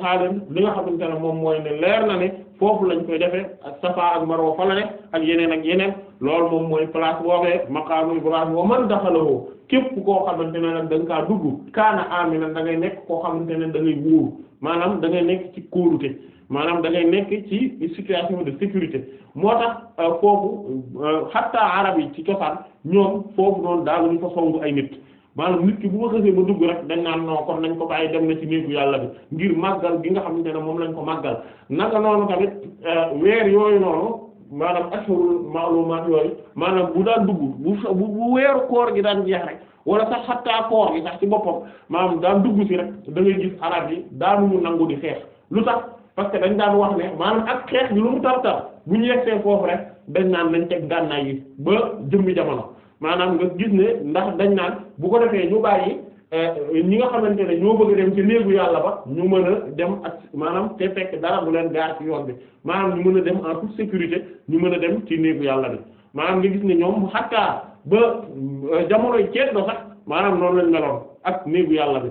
li nga xamante ne moom mooy ne leer na ne foofu lañ koy defee ak Safa ak Marwa fa la ne ak yeneen ak yeneen loolu moom mooy place boobee maqaamu Ibrahim wa man daxalahu képp ko xamante ne nag da nga kaa dugg kaana aaminan da ngay nekk ko xamante ne da ngay wóoru maanaam da ngay nekk ci kóolute maanaam da ngay nekk ci situation de sécurité moo tax euh, foofu xatta euh, arab yi ci cosaan ñoom foofu noonu daal ñu fa songu ay nit maanaam nit ki bu ma xësee ba dugg rek dañ naan non kon nañ ko bàyyi dem na ci néegu yàlla bi ngir màggal gi nga xamante ne moom lañ ko màggal naka noonu tamit euh, weer yooyu noonu maanaam ashurul ma'lumat yooyu maanaam bu daal dugg bu bu weeru koor gi daan jeex rek wala sax xattaa koor gi sax ci boppam maanaam daal dugg si rek da gis arab yi daanuñu nangu di xeex lu tax parce que dañ daan wax ne maanaam ak xeex bi lu mu tar tar bu ñu yegsee foofu rek dañ naan nañ teg gànnaay yi ba jëmmi jamono maanaam nga gis ne ndax dañ naan bu ko defee ñu bàyyi euh, ñi nga xamante ne ñoo bëgg dem ci néegu yàlla ba ñu mën a dem ak maanaam te fekk dara bu leen gaar ci yoon bi maanaam ñu mën a dem en toute sécurité ñu mën a dem ci néegu yàlla bi maanaam nga gis ne ñoom mu xattaa ba euh, jamonoy ceet do sax maanaam noonu lañ meloon ak néegu yàlla bi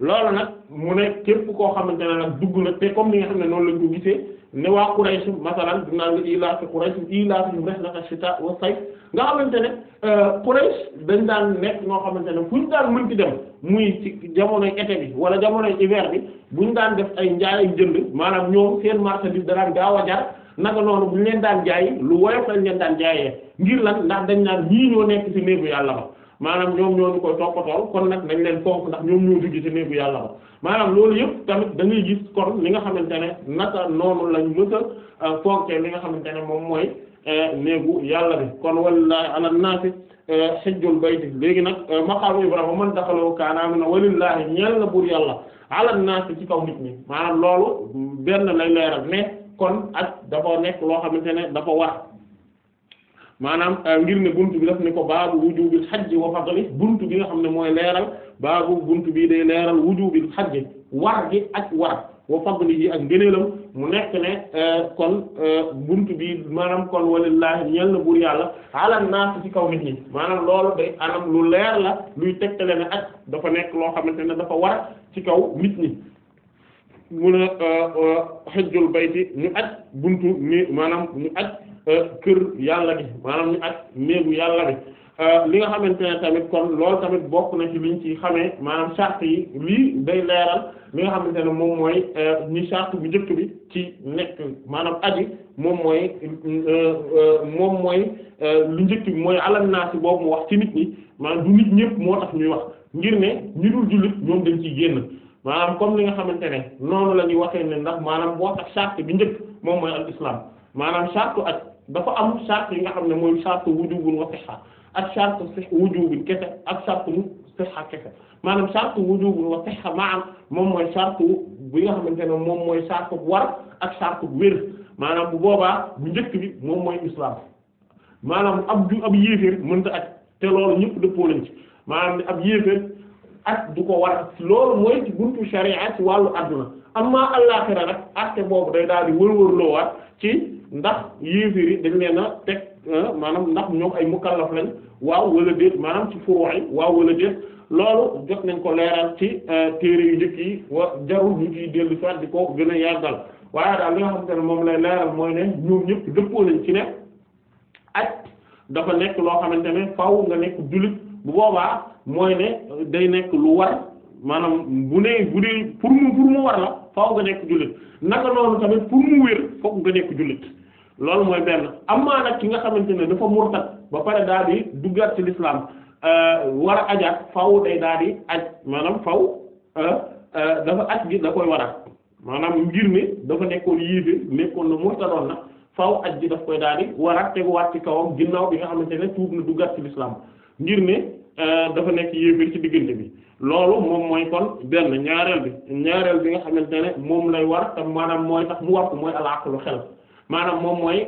loolu nag mu ne képp koo xamante ne nag dugg na te comme li nga xam ne noonu lañ ko gisee ne waa Quraysh masalan dinaa nga ilaa fi Quraysh ilaa fi rihlata shita wa sayf nga xamante ne euh, Quraysh dañ daan nekk ñoo xamante ne fu ñu daan mën ci dem muy ci jamonoy été bi wala jamonoy hiver bi bu ñu daan def ay njaay ak jënd maanaam ñoom seen marchandise da daan gaaw a jar a noonu bu leen daan jaay lu woyof lañ leen daan jaayee ngir lan ndax dañ naan ñii ñoo nekk ci néegu yàlla ba maanaam ñoom ñoo ñu koy toppatool kon nag nañ leen fonk ndax ñoom ñoo dugg ci néegu yàlla ba maanaam loolu yëpp tamit da ngay gis kon li nga xamante ne naka noonu lañ mës a euh, fonkee li nga xamante ne moom mooy euh, néegu yàlla bi kon walillahi ala naasi xajjul euh, bayti léegi nag maqaamu Ibrahima man daxaloo kaana mina walillahi ñeel la buur yàlla ala naasi ci kaw nit ñi maanaam loolu benn lay leeral ne kon ak dafa nekk loo xamante ne dafa war. maanaam euh, ngir ne buntu bi daf ne ko baabu wujubil xajji wa li buntu bi nga xam ne mooy leeral baabu buntu bi day leeral wujubil xajji waa gi ak waa wa fadli yi ak ngëneelam mu nekk ne euh, kon euh, bunt bi maanaam kon walillahi ñeel na buur yàlla ala naas ci kaw nit ñi maanaam loolu day anam lu leer la luy tegtale ne ak dafa nekk loo xamante ne dafa war ci kaw nit ñi mu ne xajjul bayti ñu aj buntu ni maanaam ñu aj Euh, kër yàlla gi maanaam ñu aj néegu yàlla bi euh, li nga xamante ne tamit kon loolu tamit bokk na ci liñ ci xamee maanaam charte yi lii day leeral li nga xamante ne moom mooy ñi euh, charte bu njëkk bi ci nekk maanaam aji moom mooy moom mooy lu njëkk mooy alam naa mu wax ci nit ñi maanaam du ñëpp moo tax ñuy wax ngir ne ñu dul jullit génn maanaam comme li nga xamante ne noonu la ñuy waxee ne ndax maanaam boo tax charte bi njëkk moom mooy al islam maanaam charte aj ba dafa am charte yi nga xam ne mooy charte wujubun wa sihha ak charte wujubun kese ak charte sihha kese maanaam charte wujubun wa sihha moom mooy charte bi nga xamante ne moom mooy charte bu war ak charte bu wér maanaam bu boobaa bu njëkk bi moom mooy islam maanaam ab ju ab yéeféer mënta ak te loolu ñëpp dëppoo lañ ci maanaam ab du ko war loolu mooy ci buntu sharia ci wàllu adduna amma àllaaxira nag acte boobu day daal di wër-wër loowaat ci. ndax yéeféer yi dañ leen a teg euh, maanaam ndax ñoom ay mukallaf lañ waaw wala déet maanaam ci furuwaay waaw wala déet loolu jot nañ ko leeral ci euh, téere yu njëkk yi wa jarul ñu ciy dellu soit di ko gën a yàggal waaye daal li nga xamante ne moom lay leeral mooy ne ñoom ñëpp dëppoo nañ ci ne ak dafa nekk loo xamante ne faw nga nekk jullit bu boobaa mooy ne day nekk lu war maanaam bu nee bu dee pour mu pour mu war la faaw nga nekk jullit naka noonu tamit pour mu wér fokk nga nekk loolu mooy benn amaa nag ki nga xamante ne dafa murtad ba pare daal di duggaat ci lislaam euh, war a ajaat faw day daal di aj maanaam faw euh, euh, dafa aj gi da koy war a maanaam dafa nekkoon yéeféer nekkoon na murtadoon na faw aj daf koy daal war a teguwaat ci kawam ginnaaw bi nga xamante ne tuub na duggaat ci lislaam ngir ne dafa nekk yéeféer ci diggante bi loolu moom mooy kon benn ñaareel bi ñaareel bi nga xamante ne moom lay war te maanaam mooy tax mu war ko mooy alaakalu xel maanaam moom mooy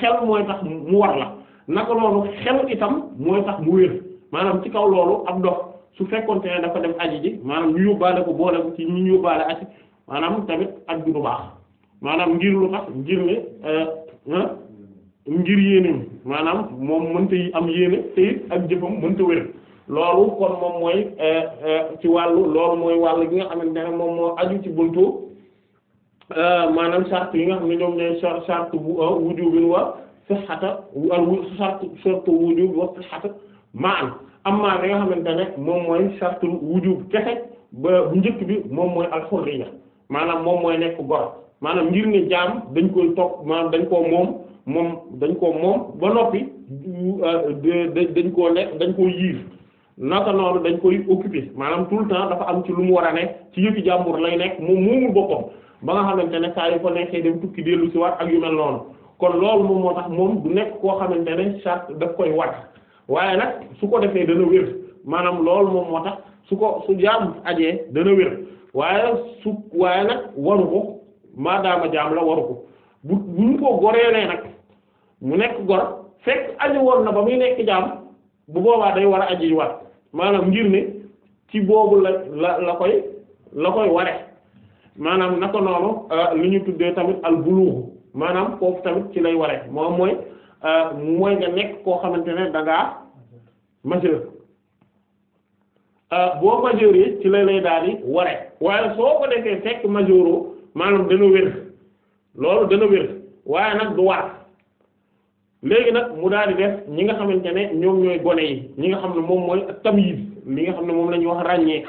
xel mooy tax mu war la naka loolu xel itam mooy tax mu wér maanaam ci kaw loolu ab dox su fekkoonte ne dafa dem aji ji maanaam ñu yóbbaale ko boole ko ci ñu yóbbaale aji maanaam tamit ak du baax maanaam ngir lu tax ngir ne euh, ngir yéeneem maanaam moom mënta am yéene te ak jëfam mënta wér loolu kon moom mooy euh, euh, ci wàllu loolu mooy wàll gi nga xamante ne moom moo aju ci buntu. Euh, maanaam sart yi nga xam ne ñoom ñooy sart bu euh, wujubin wa sihhata al sart sart wujub wa sihhata maan amma nga xamante ne moom mooy sart wujub kese ba njëkk bi moom mooy al maanaam moom mooy nekk gor maanaam ngir ne jaam dañ koy topp maanaam dañ koo moom moom dañ koo moom ba noppi euh, dañ koo nekk dañ koo yiir naka noonu dañ koy occuper maanaam tout le temps dafa am ci lu mu war a nekk ci yëfi jàmbur lay nekk moom moomul boppam ba nga xamante ne saa yu ko neexee dem tukki dellu si waat ak yu mel noonu kon loolu moom moo tax moom du nekk koo xamante ne charte daf koy wat waaye nag su ko defee dana wér maanaam loolu moom moo tax su ko su jaam ajee dana wér waaye su waaye nag waru ko maadaama jaam la waru ko bu bu ñu ko goreelee nag mu nekk gor fekk aji woon na ba muy nekk jaam bu boobaa day war a aji wat maanaam ngir ne ci boobu la la la koy la koy ware maanaam naka noonu euh, li ñu tuddee tamit al buluugh maanaam foofu tamit ci lay ware moom mooy euh, mooy nga nekk koo xamante ne da ngaa majeur euh, boo majeur yi ci lay daal di ware waaye soo ko defee fekk majeuroo maanaam dana wér loolu dana wér waaye nag du war léegi nag mu daal di def ñi nga xamante ne ñoom ñooy gone yi ñi nga xam ne moom mooy tamyiz li nga xam ne moom la ñuy wax ràññee.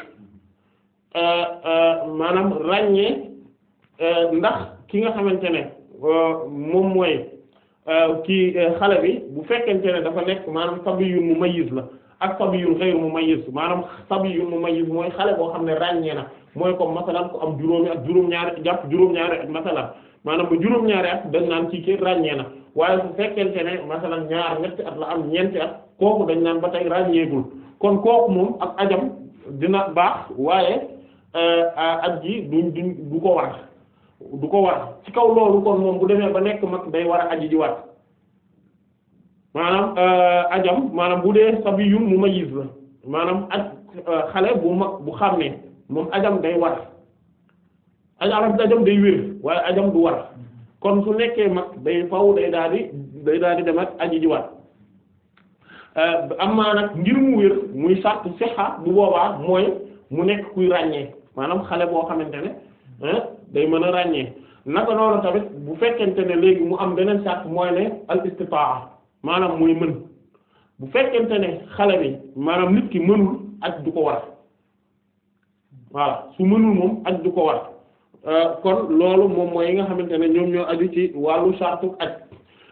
Euh, euh, maanaam ràññee euh, ndax ki nga xamante ne moom mooy kii xale bi bu fekkente ne dafa nekk maanaam sabiyun mumayyiz la ak sabiyun ghayr mumayyiz maanaam mu mumayyiz mooy xale boo xam ne ràññee na mooy comme masalan ko am juróomi ak juróom-ñaari jàpp juróom ak masalan maanaam ba juróom-ñaari at dañ naan kii kii ràññee na waaye bu fekkente ne masalan ñaar ñetti at la am ñeenti at kooku dañ naan ba tey ràññeegul kon kooku moom ak ajam dina baax waaye ak euh, ji duñ du ko war du ko war ci kaw loolu kon moom bu demee ba nekk mag day war a aji ji waat maanaam euh, ajam maanaam bu dee sabiyun mumayyiz la maanaam aj euh, bu mag bu xàmmee moom ajam day war aj arab ajam day wér waaye ajam du war kon su nekkee mag day faw day daal di day daal di dem ak aji ji waat am naa nag ngir mu wér muy sàrt sixa bu boobaa mooy mu nekk kuy ràññee maanaam xale boo xamante ne day mën a ràññee naka noonu tamit bu fekkente ne léegi mu am beneen sàrt mooy ne al istitaa maanaam muy mën bu fekkente ne xale bi maanaam nit ki mënul ak du ko war voilà su mënul moom ak du ko war euh, kon loolu moom mooy yi nga xamante ne ñoom ñoo aju ci wàllu sartu ak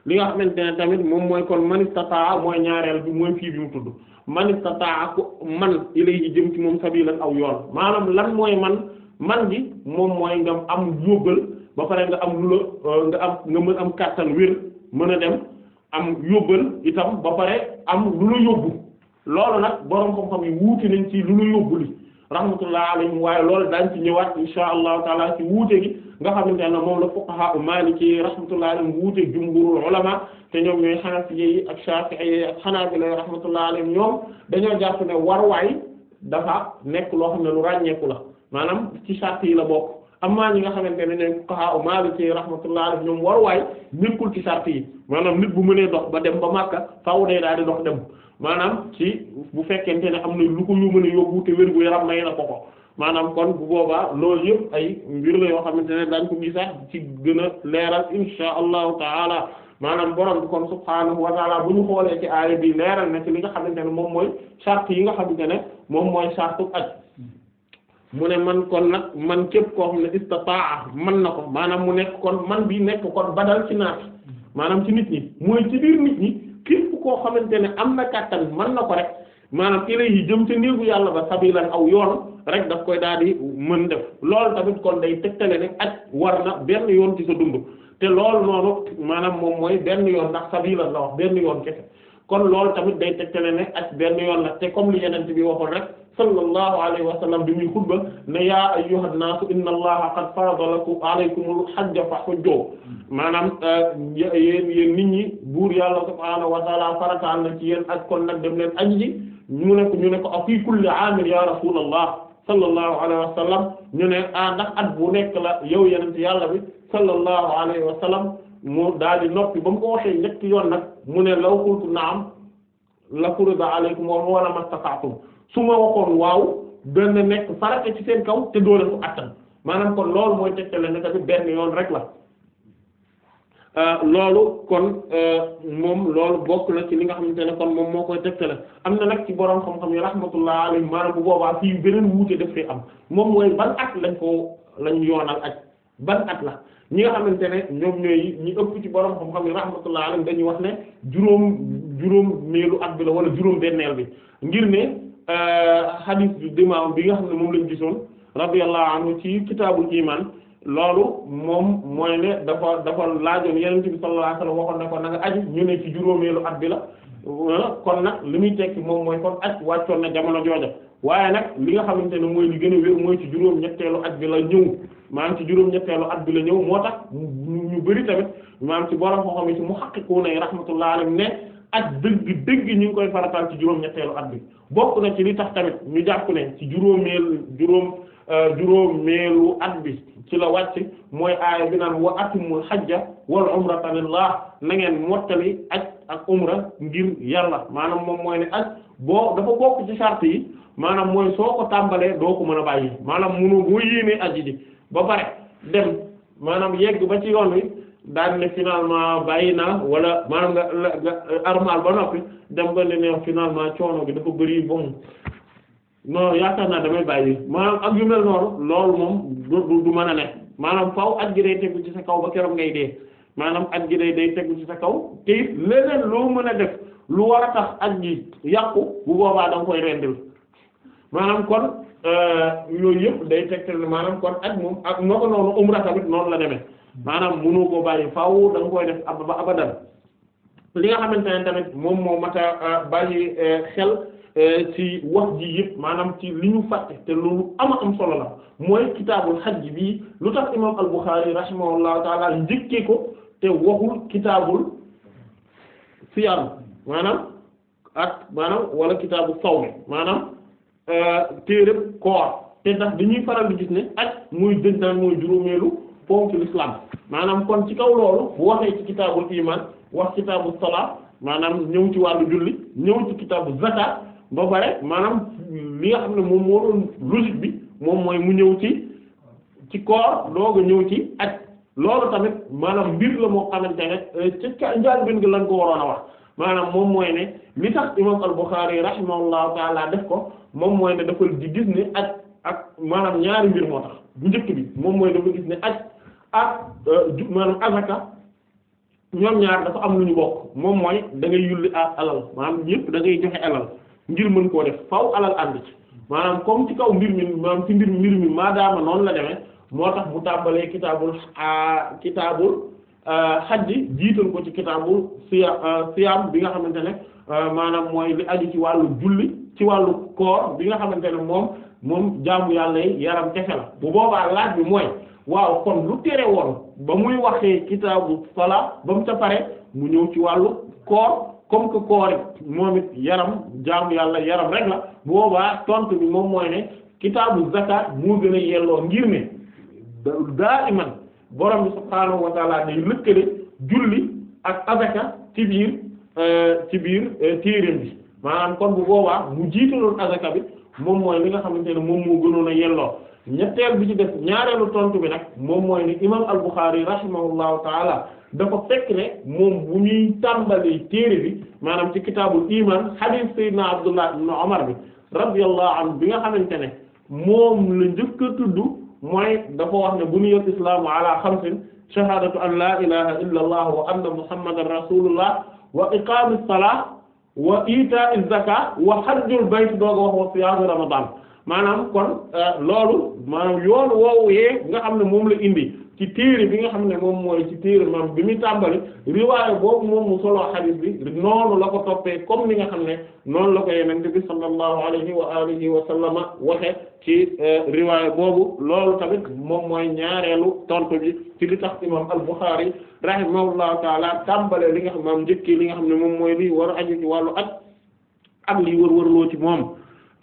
li nga xamante ne tamit moom mooy kon man istataa mooy ñaareel bi mooy fii bi mu tudd man istataa ku man ilayhi jëm ci moom la aw yoon maanaam lan mooy man man gi moom mooy nga am yóbbal ba pare nga am lu la euh, nga am nga mën am kàttan wér mën a dem am yóbbal itam ba pare am lu la yóbbu loolu nag boroom xam-xam yi wuute nañ ci lu la yóbbu li rahmatullah alayhim waaye loolu daañ ci ñëwaat insha allahu taala ci wuute gi nga xamante ne moom la fuqaha u maliki rahmatullah alayhim wuute jumhurul ulama te ñoom ñooy xanafiye ak shafi'i ak xanaabila rahmatullah alayhim ñoom dañoo jàpp ne waruwaay dafa nekk loo xam ne la maanaam ci sart yi la bokk amma ñi nga xamante ne ne fuqaha u maliki rahmatullah alayhim ñoom waruwaay nekkul ci sart yi maanaam nit bu mënee dox ba dem ba Makka faaw de daal di dox dem maanaam ci bu fekkente ne am na lu ko lu mën a te wér gu yaram may na ko ko maanaam kon bu boobaa loolu yëpp ay mbir la yoo xamante ne daañ ko gisaat ci gën a leeral insha allahu taala maanaam borom bi kon subhaanahu wa taala bu ñu xoolee ci aaya bi leeral na ci li nga xamante ne moom mooy sart yi nga xamante ne moom mooy sartu aj mu ne man kon nag man képp koo xam ne istataa man na ko maanaam mu nekk kon man bi nekk kon badal ci maanaam ci nit ñi koo xamante ne am na kàttan man na ko rek maanaam yi jëm ci néegu yàlla ba sabilan aw yoon rek daf koy daal di mën def loolu tamit kon day tegtale ne aj war na benn yoon ci sa dund te lool noonu maanaam moom mooy benn yoon ndax sabilan la wax benn yoon kese kon loolu tamit day tegtale ne aj benn yoon la te comme li yeneen bi waxoon rek sallallahu alayhi wa sallam bi muy xutba ne yaa ayyuhan naasu inna allaha qad farada lakum alaykumul hajja fa hujju maanaam eh, yéen yéen nit ñi buur yàlla subhaanahu wa ta'ala farataan na ci yéen ak kon nag dem leen aji ji ñu ne ko ñu ne ko a fii kulli aamir ya rasulallah sallallahu alayhi wa sallam ñu ne a ndax at bu nekk la yow yenent yàlla bi sallallahu alayhi wa sallam mu daal di noppi ba mu ko waxee ñetti yoon nag mu ne law qultu na'am la furida alaykum wa ma mastata'tum su ma waxoon waaw dana nekk farata ci seen kaw te doole ko attan maanaam kon lool mooy tegtale na tamit benn yoon rek la euh, loolu kon euh, moom loolu bokk na ci li nga xamante ne kon moom moo koy tegtale am na nag ci boroom xam-xam yi rahmatullah alayhi maanaam bu boobaa fii beneen wuute def fi am moom mooy ban at lañ ko lañ yoonal ak ban at la ñi nga xamante ne ñoom ñooy ñi ëpp ci borom xam-xam yi rahmatullah alayhi dañuy wax ne juróom juróom meelu at bi la wala juróom benneel bi ngir ne Euh, hadith bi dimaam bi nga xam ne moom lañ gisoon radiyallahu anhu ci kitaabul iman loolu moom mooy ne dafa dafa laajoon yenente bi sallallahu a wasallam waxoon ne ko na nga aju ñu ne ci juróomeelu at bi la euh, kon nag li muy tekki moom mooy kon aj wàccoon na jamono jooja waaye nag li nga xamante ne mooy li gën a wér mooy ci juróom ñetteelu at bi la ñëw maanaam ci juróom ñetteelu at bi la ñëw moo tax ñu bari tamit maanaam ci borom xoo xam ne ci muhaqqiquna rahmatullahi alayhi ne ak dëgg dëgg ñu ngi koy farataal ci juróom ñetteelu at bi bokk na ci li tax tamit ñu jàpp ne ci juróomeel juróom euh, juróomeelu at bi ci la wàcc mooy aaya bi naan wa atimul xajja wal umrata lillah na ngeen mottali aj ak umra ngir yàlla maanaam moom mooy ne aj boo dafa bokk ci charte yi maanaam mooy soo ko tàmbalee doo ko mën a bàyyi maanaam mënoo boo yéenee aji ji ba pare dem maanaam yegg ba ci yoon wi daañu ne finalement bàyyi naa wala maanaam nga nga ba noppi dem ba ne ne finalement coono bi dafa bëri bon non yaakaar naa damay bàyyi maanaam ak yu mel noonu loolu moom du du mën a ne maanaam faaw at gi day ci sa kaw ba keroog ngay dee maanaam at gi day day tegu ci sa kaw te leneen loo mën a def lu war a tax at gi yàqu bu boobaa maanaam kon euh, yooyu yëpp day tegtal maanaam kon at moom ak noo noonu umra tamit noonu la demee. maanaam mënoo koo bàyyi faaw da nga koy def ab ba li nga xamante ne tamit moom moo mat bàyyi e, xel e, ci wax ji yëpp maanaam ci li ñu fàtte te loolu ama am solo la mooy kitaabul xaj bi lu tax imaam al-Bukhari rahimahullahu taala njëkkee ko te waxul kitaabul siyaam maanaam ak maanaam wala kitaabu sawm maanaam e, téeréb koor te ndax dañuy faral di gis ne ak muy dëntaan mooy juróomeelu ponk l'islam maanaam kon ci kaw loolu bu waxee ci kitaabul iman wax kitaabu salaat maanaam ñëw ci wàllu julli ñëw ci kitaabu zakat ba pare maanaam li nga xam ne moom moo doon bi moom mooy mu ñëw ci ci koor doog a ñëw ci aj loolu tamit maanaam mbir la moo xamante ne euh, ca njaal bin ko waroon wax maanaam moom mooy li tax imam al-Bukhari rahimahullahu taala def ko moom ne dafa di gis ne aj ak maanaam ñaari mbir moo tax bu njëkk bi moom mooy dafa gis ne aj ak euh, maanaam azaka ñoom ñaar dafa am lu ñu bokk moom mooy da ngay yulli alal maanaam yëpp da joxe alal ngir mën koo def faw alal ànd ci maanaam comme ci kaw mbir mi maanaam ci mbir mbir mi maadaama noonu la demee moo tax mu tàmbalee kitaabul ah, kitaabul euh, xaj jiital ko ci kitaabul siyaam euh, siyaam bi nga xamante ne maanaam mooy li aju ci wàllu julli ci wàllu koor bi nga xamante ne moom moom jaamu yàlla yi yaram kese la bu boobaa laaj bi mooy waaw kon lu tere woon ba muy waxee kitaabu sala ba mu ca pare mu ñëw ci wàllu koor comme que koor moom it yaram jaamu yàlla yaram rek la boobaa tontu bi moom mooy ne kitaabu zakat moo gën a yelloo ngir ne daa iman borom bi subhaanahu wa taala day lëkkale julli ak azaka ci biir euh, ci biir euh, téeréem bi maanaam kon bu boobaa mu jiitaloon azaka bi moom mooy li nga xamante ne moom moo gënoon a yelloo ñetteel bi ci def ñaareelu tontu bi nag moom mooy ne imam al-Bukhari rahimahullahu taala dafa fekk ne moom bu ñuy tàmbali téere bi maanaam ci kitaabul iman hadith sayyidina Abdullah ibn Umar bi radiyallahu anhu bi nga xamante ne moom la njëkk a tudd mooy dafa wax ne buniyal islaamu ala xamsin shahaadatu an la ilaha illa allah wa anna muhammadan rasulullah wa iqamis salah wa itaiz zakat bayt dooga wax wa siyaamu ramadan maanaam kon euh, loolu maanaam yoon woowu yee nga xam ne moom la indi ci téere bi nga xam ne moom mooy ci téere maam bi muy tàmbali riwaaya boobu moom mu solo hadith bi noonu la ko toppee comme li nga xam ne noonu la ko yenente bi sallallahu alayhi wa alihi wa sallama waxe ci euh, riwaaya boobu loolu tamit moom mooy ñaareelu tontu bi ci li tax imam al-Bukhari rahimahullahu taala tàmbale li nga xam maam njëkkee li nga xam ne moom mooy lii war a aju wàllu at ak lii wër wër loo moom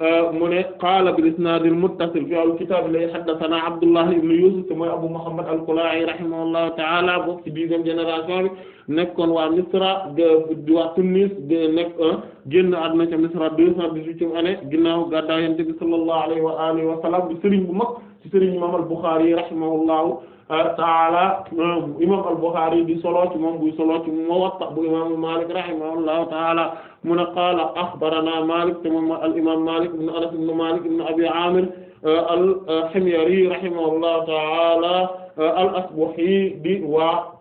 Euh, mu ne qaala bil isnaadil muttasil fi al-kitaab lay haddathana Abdullah ibn Yusuf te mooy Abu Muhammad al-Kalaa'i rahimahullahu ta'ala bokk ci dixième génération bi nekkoon waa Misra de waa Tunis de nekk euh, génn àdduna ca Misra deux cent dix-huitième année ginnaaw gàddaay Yonent bi sallallahu alayhi wa alihi wa sallam bi sëriñ bu mag ci sëriñ Imaam al-Bukhari rahimahullahu Euh, taala euh, imam al-Bukhari di solo ci moom buy solo ci Muwatta bu imam Malik rahimahullahu taala mun a qaala akhbarana Malik te moom al-imam Malik ibn Anas ibn Malik ibn Abi Amir euh, al-Himyari rahimahullahu taala al-Asbahi di waa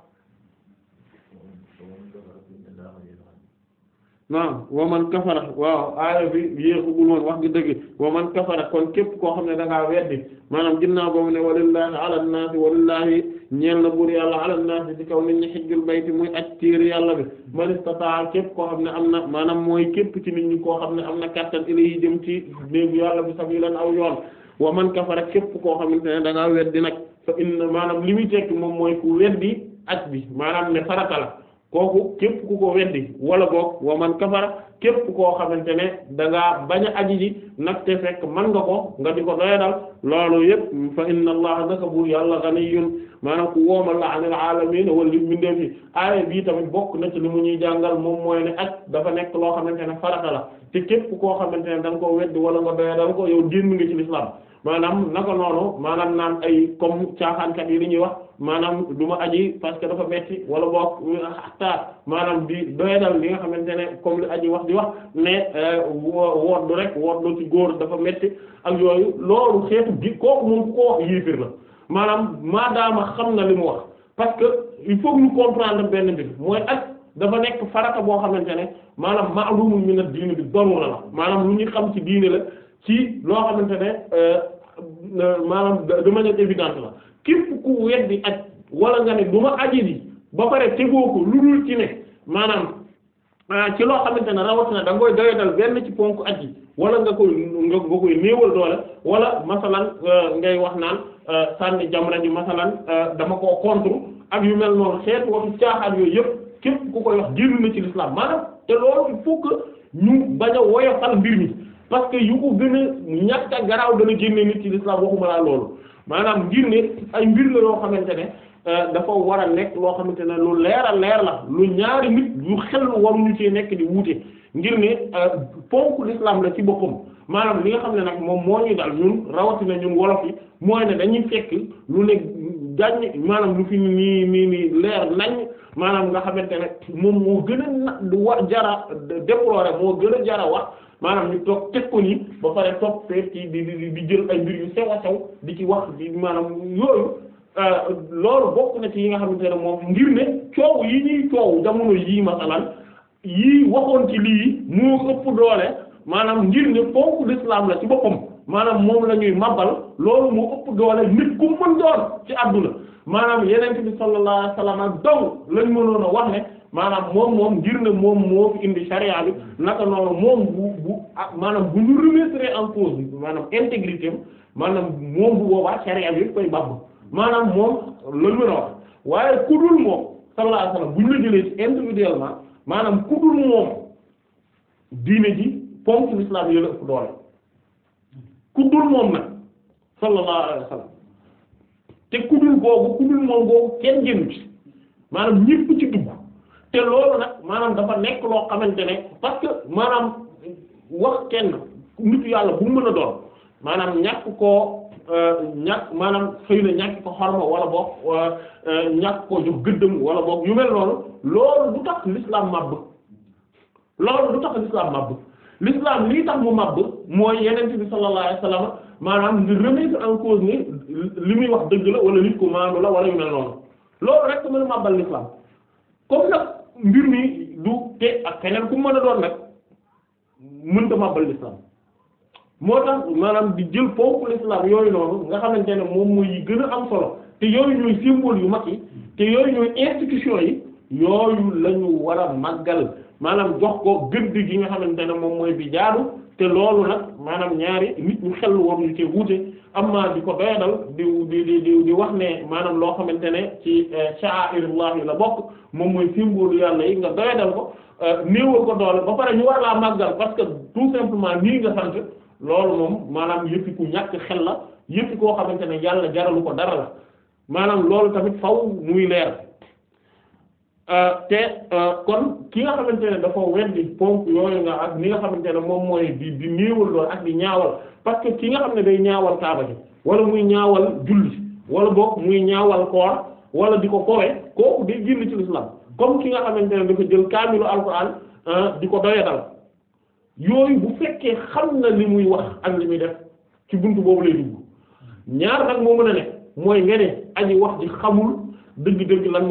maam waman kafara waaw aaya bi yéexugul woon wax gi dëgg waman kafara kon képp koo xam ne da ngaa weddi maanaam ginnaaw boobu ne walillaahi ala naasi walillaahi ñeel na buur yàlla ala naasi ci kaw nit ñi xijjul bayti muy aj tiir yàlla bi man istataa képp koo xam ne am na maanaam mooy ci nit ñi koo xam ne am na kattan ilayi jëm ci néegu yàlla bi sabilan aw yoon waman kafara képp koo xamante ne da ngaa weddi nag fa inna maanaam li muy tekki moom mooy ku weddi aj bi maanaam ne farata kooku képp ku ko weddi wala boog wa man kafara képp koo xamante ne da ngaa bañ a aji ji nag te fekk man nga ko nga di ko doyadal loolu yëpp fa inna allaha naka buur yàlla ganiyun maanaam ku woomal la anil alamin wala li mbindeef yi aaya bii tamit bokk na ci li mu ñuy jàngal moom mooy ne ak dafa nekk loo xamante ne farata la te képp koo xamante ne da nga ko weddi wala nga doyadal ko yow diin mi ngi ci lislaam maanaam naka noonu maanaam naan ay comme caaxaankat yi li ñuy wax maanaam du ma aji parce que dafa metti wala boog xataa maanaam di doyadal li nga xamante ne comme li aji wax di wax ne euh, woddu rek woddu góor dafa metti ak yooyu loolu xeetu gi kooku moom maanaam maadaama xam na li mu wax parce que il faut ñu comprendre benn mbir mooy ak dafa nekk farata boo xamante ne maanaam ma'lumun min ad-din bi darura la maanaam lu ñuy xam ci diine la ci loo xamante ne euh, maanaam de manière évidente la képp ku weddi aj wala nga ne du ma aji ji ba pare tegoo ko lu dul ci ne maanaam ah, ci loo xamante ne rawatina na nga koy doyadal benn ci ponk aj yi wala nga koy nga koy néewal doole wala masalan euh, ngay wax naan euh, sànni jamra ji masalan euh, dama ko contre ak yu mel noonu xeet waxu caaxaan yooyu yëpp képp ku koy wax génn na ci l'islam maanaam te loolu il faut que ñu bañ a woyofal mbir mi parce que yu ko gën a garaaw gën a génne nit ci l'islam waxuma laa loolu maanaam ngir ne ay mbir la yoo xamante ne euh, dafa war a nekk loo xamante ne lu leer a leer la lu ñaari nit yu xel waruñu cee nekk di wuute ngir ne euh, ponk l'islam la ci boppam maanaam li nga xam ne nag moom moo ñu dal ñun rawatina ñun wolof yi mooy ne dañuy fekk lu ne gàññ maanaam lu fi nii leer nañ maanaam nga xamante ne moom moo gën a na war jara déplorer moo gën a jara wax maanaam ñu toog teg ko nii ba pare toog fee ci di di di jël ay mbir yu sew a sew di ci wax di maanaam yooyu euh, loolu bokk na ci yi nga xamante ne moom ngir ne coow yi ñuy coow jamono yii masalan yii waxoon ci lii moo ëpp doole maanaam ngir ne ponk l'islam la ci boppam maanaam moom la ñuy mabal loolu moo ëpp doole nit ku mën doon ci àdduna maanaam yeneen bi sallallahu alayhi wasallam lañ mënoon a wax ne. maanaam moom moom ngir ne moom moo indi charia bi naka noonu moom bu bu ah maanaam bu ñu remettre en cause maanaam intégrité am maanaam moom bu boobaa charia bi koy bàbb maanaam moom loolu mën a wax waaye ku moom sallallahu alayhi wasallam bu ñu la jëlee ci individuellement maanaam ku dul moom diine ji ponk l'islam yooyu doole ku moom nag kenn génn maanaam ñépp ci dugg te loolu nag maanaam dafa nekk loo xamante ne parce que maanaam wax kenn nitu yàlla bu mu mën a doon maanaam ñàkk ko euh, ñàkk maanaam xëy na ñàkk ko xorma wala boog euh, euh, ñàkk ko jox gëddëm wala book yu mel noonu loolu du tax l'islam màbb loolu du tax l'islam màbb l'islam lii tax mu màbb mooy yeneen bi sallallahu alayhi wasallam maanaam di remettre en cause ni li muy wax dëgg la wala nit ko maanu la wala yu mel noonu loolu rek mën a màbbal l'islam comme nag mbir mi du te ak keneen ku mën a doon nag mënta màbbal l'islam moo tax maanaam di jël foofu l'islam yooyu noonu nga xamante ne moom mooy yi gën a am solo te yooyu ñooy symbole yu mag yi te yooyu ñooy institution yi yooyu lañu war a màggal maanaam jox ko gëdd gi nga xamante ne moom mooy bi jaadu te loolu nag maanaam ñaari nit ñu xel war ñu cee wuute am amma di ko doyadal di di di di wax ne maanaam loo xamante ne ci eh, sha'airullah yi la bokk moom mooy symbole yàlla yi nga doyadal ko eh, néewal ko dool ba pare ñu war laa màggal parce que tout simplement nii nga sant loolu moom maanaam yëppi ñàkk xel la yëppi koo xamante ne yàlla jaralu ko dara la maanaam loolu tamit faw muy leer Euh, te euh, kon ki nga xamante ne dafa weddi ponk yooyu nga ak ni nga xamante ne moom mooy di di néewal lool ak di ñaawal parce que ki nga xam ne day ñaawal kaaba gi wala muy ñaawal julli wala boog muy ñaawal koor wala di ko kowe kooku day génn ci l'islam comme ki nga xamante ne dafa jël kaamilu alxuraan euh, di ko doyadal yooyu bu fekkee xam na li muy wax ak li muy def ci buntu boobu lay dugg ñaar nag moo mën a ne mooy nga ne aji wax ji xamul dëgg-dëgg lan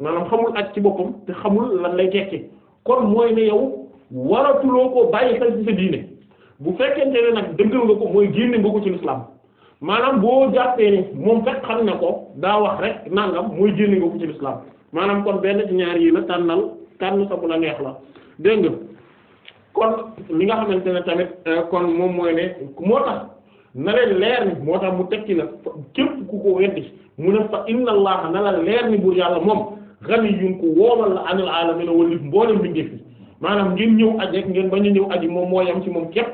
maanaam xamul at ci boppam te xamul lan lay tekki kon mooy ne yow waratuloo ko bàyyi xel ci sa diine bu fekkente ne nag dëggal nga ko mooy génne nga ko ci lislaam maanaam boo jàppee ni moom fekk xam na ko daa wax rek nangam mooy génne nga ko ci lislaam maanaam kon benn ci ñaar yi la tànnal tànn sa bu la neex la dégg nga kon li nga xamante ne tamit euh, kon moom mooy ne moo tax na leen leer ni moo tax mu tekki la képp ku ko weddi mu ne fa inna allah na la leer ni buur yàlla moom ghaniyyun ku woomal la anil alamina walif mboole mbindeef yi maanaam ngeen ñëw aj rek ngeen bañ a ñëw aji moom moo yam ci moom képp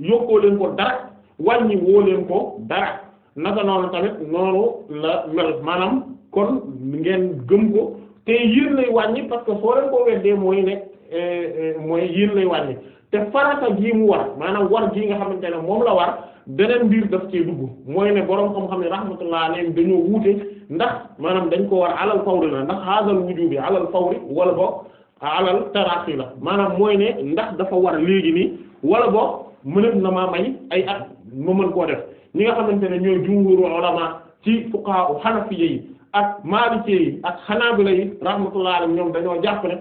yokkoo leen ko dara wàññi woo ko dara naka noonu tamit noonu la mel maanaam kon ngeen gëm ko te lay wàññi parce que soo leen ko weddee mooy ne eh, eh, mooy lay wàññi te farata jii mu war maanaam war jii nga xamante ne moom la war beneen mbir dafa cee dugg mooy ne boroom xam-xam ne rahmatullah alayhim dañoo wuute ndax maanaam dañ ko war alal fawri la ndax haasal wujubi alal fawri wala boog alal taraaxi la maanaam mooy ne ndax dafa war léegi nii wala boog mëneb na maa may ay at ma mën koo def ñi nga xamante ne ñooy jumhuru ulama ci fuqaha hanafiyyi yi ak maliki yi ak hanabila yi rahmatullah alayhim ñoom dañoo jàpp ne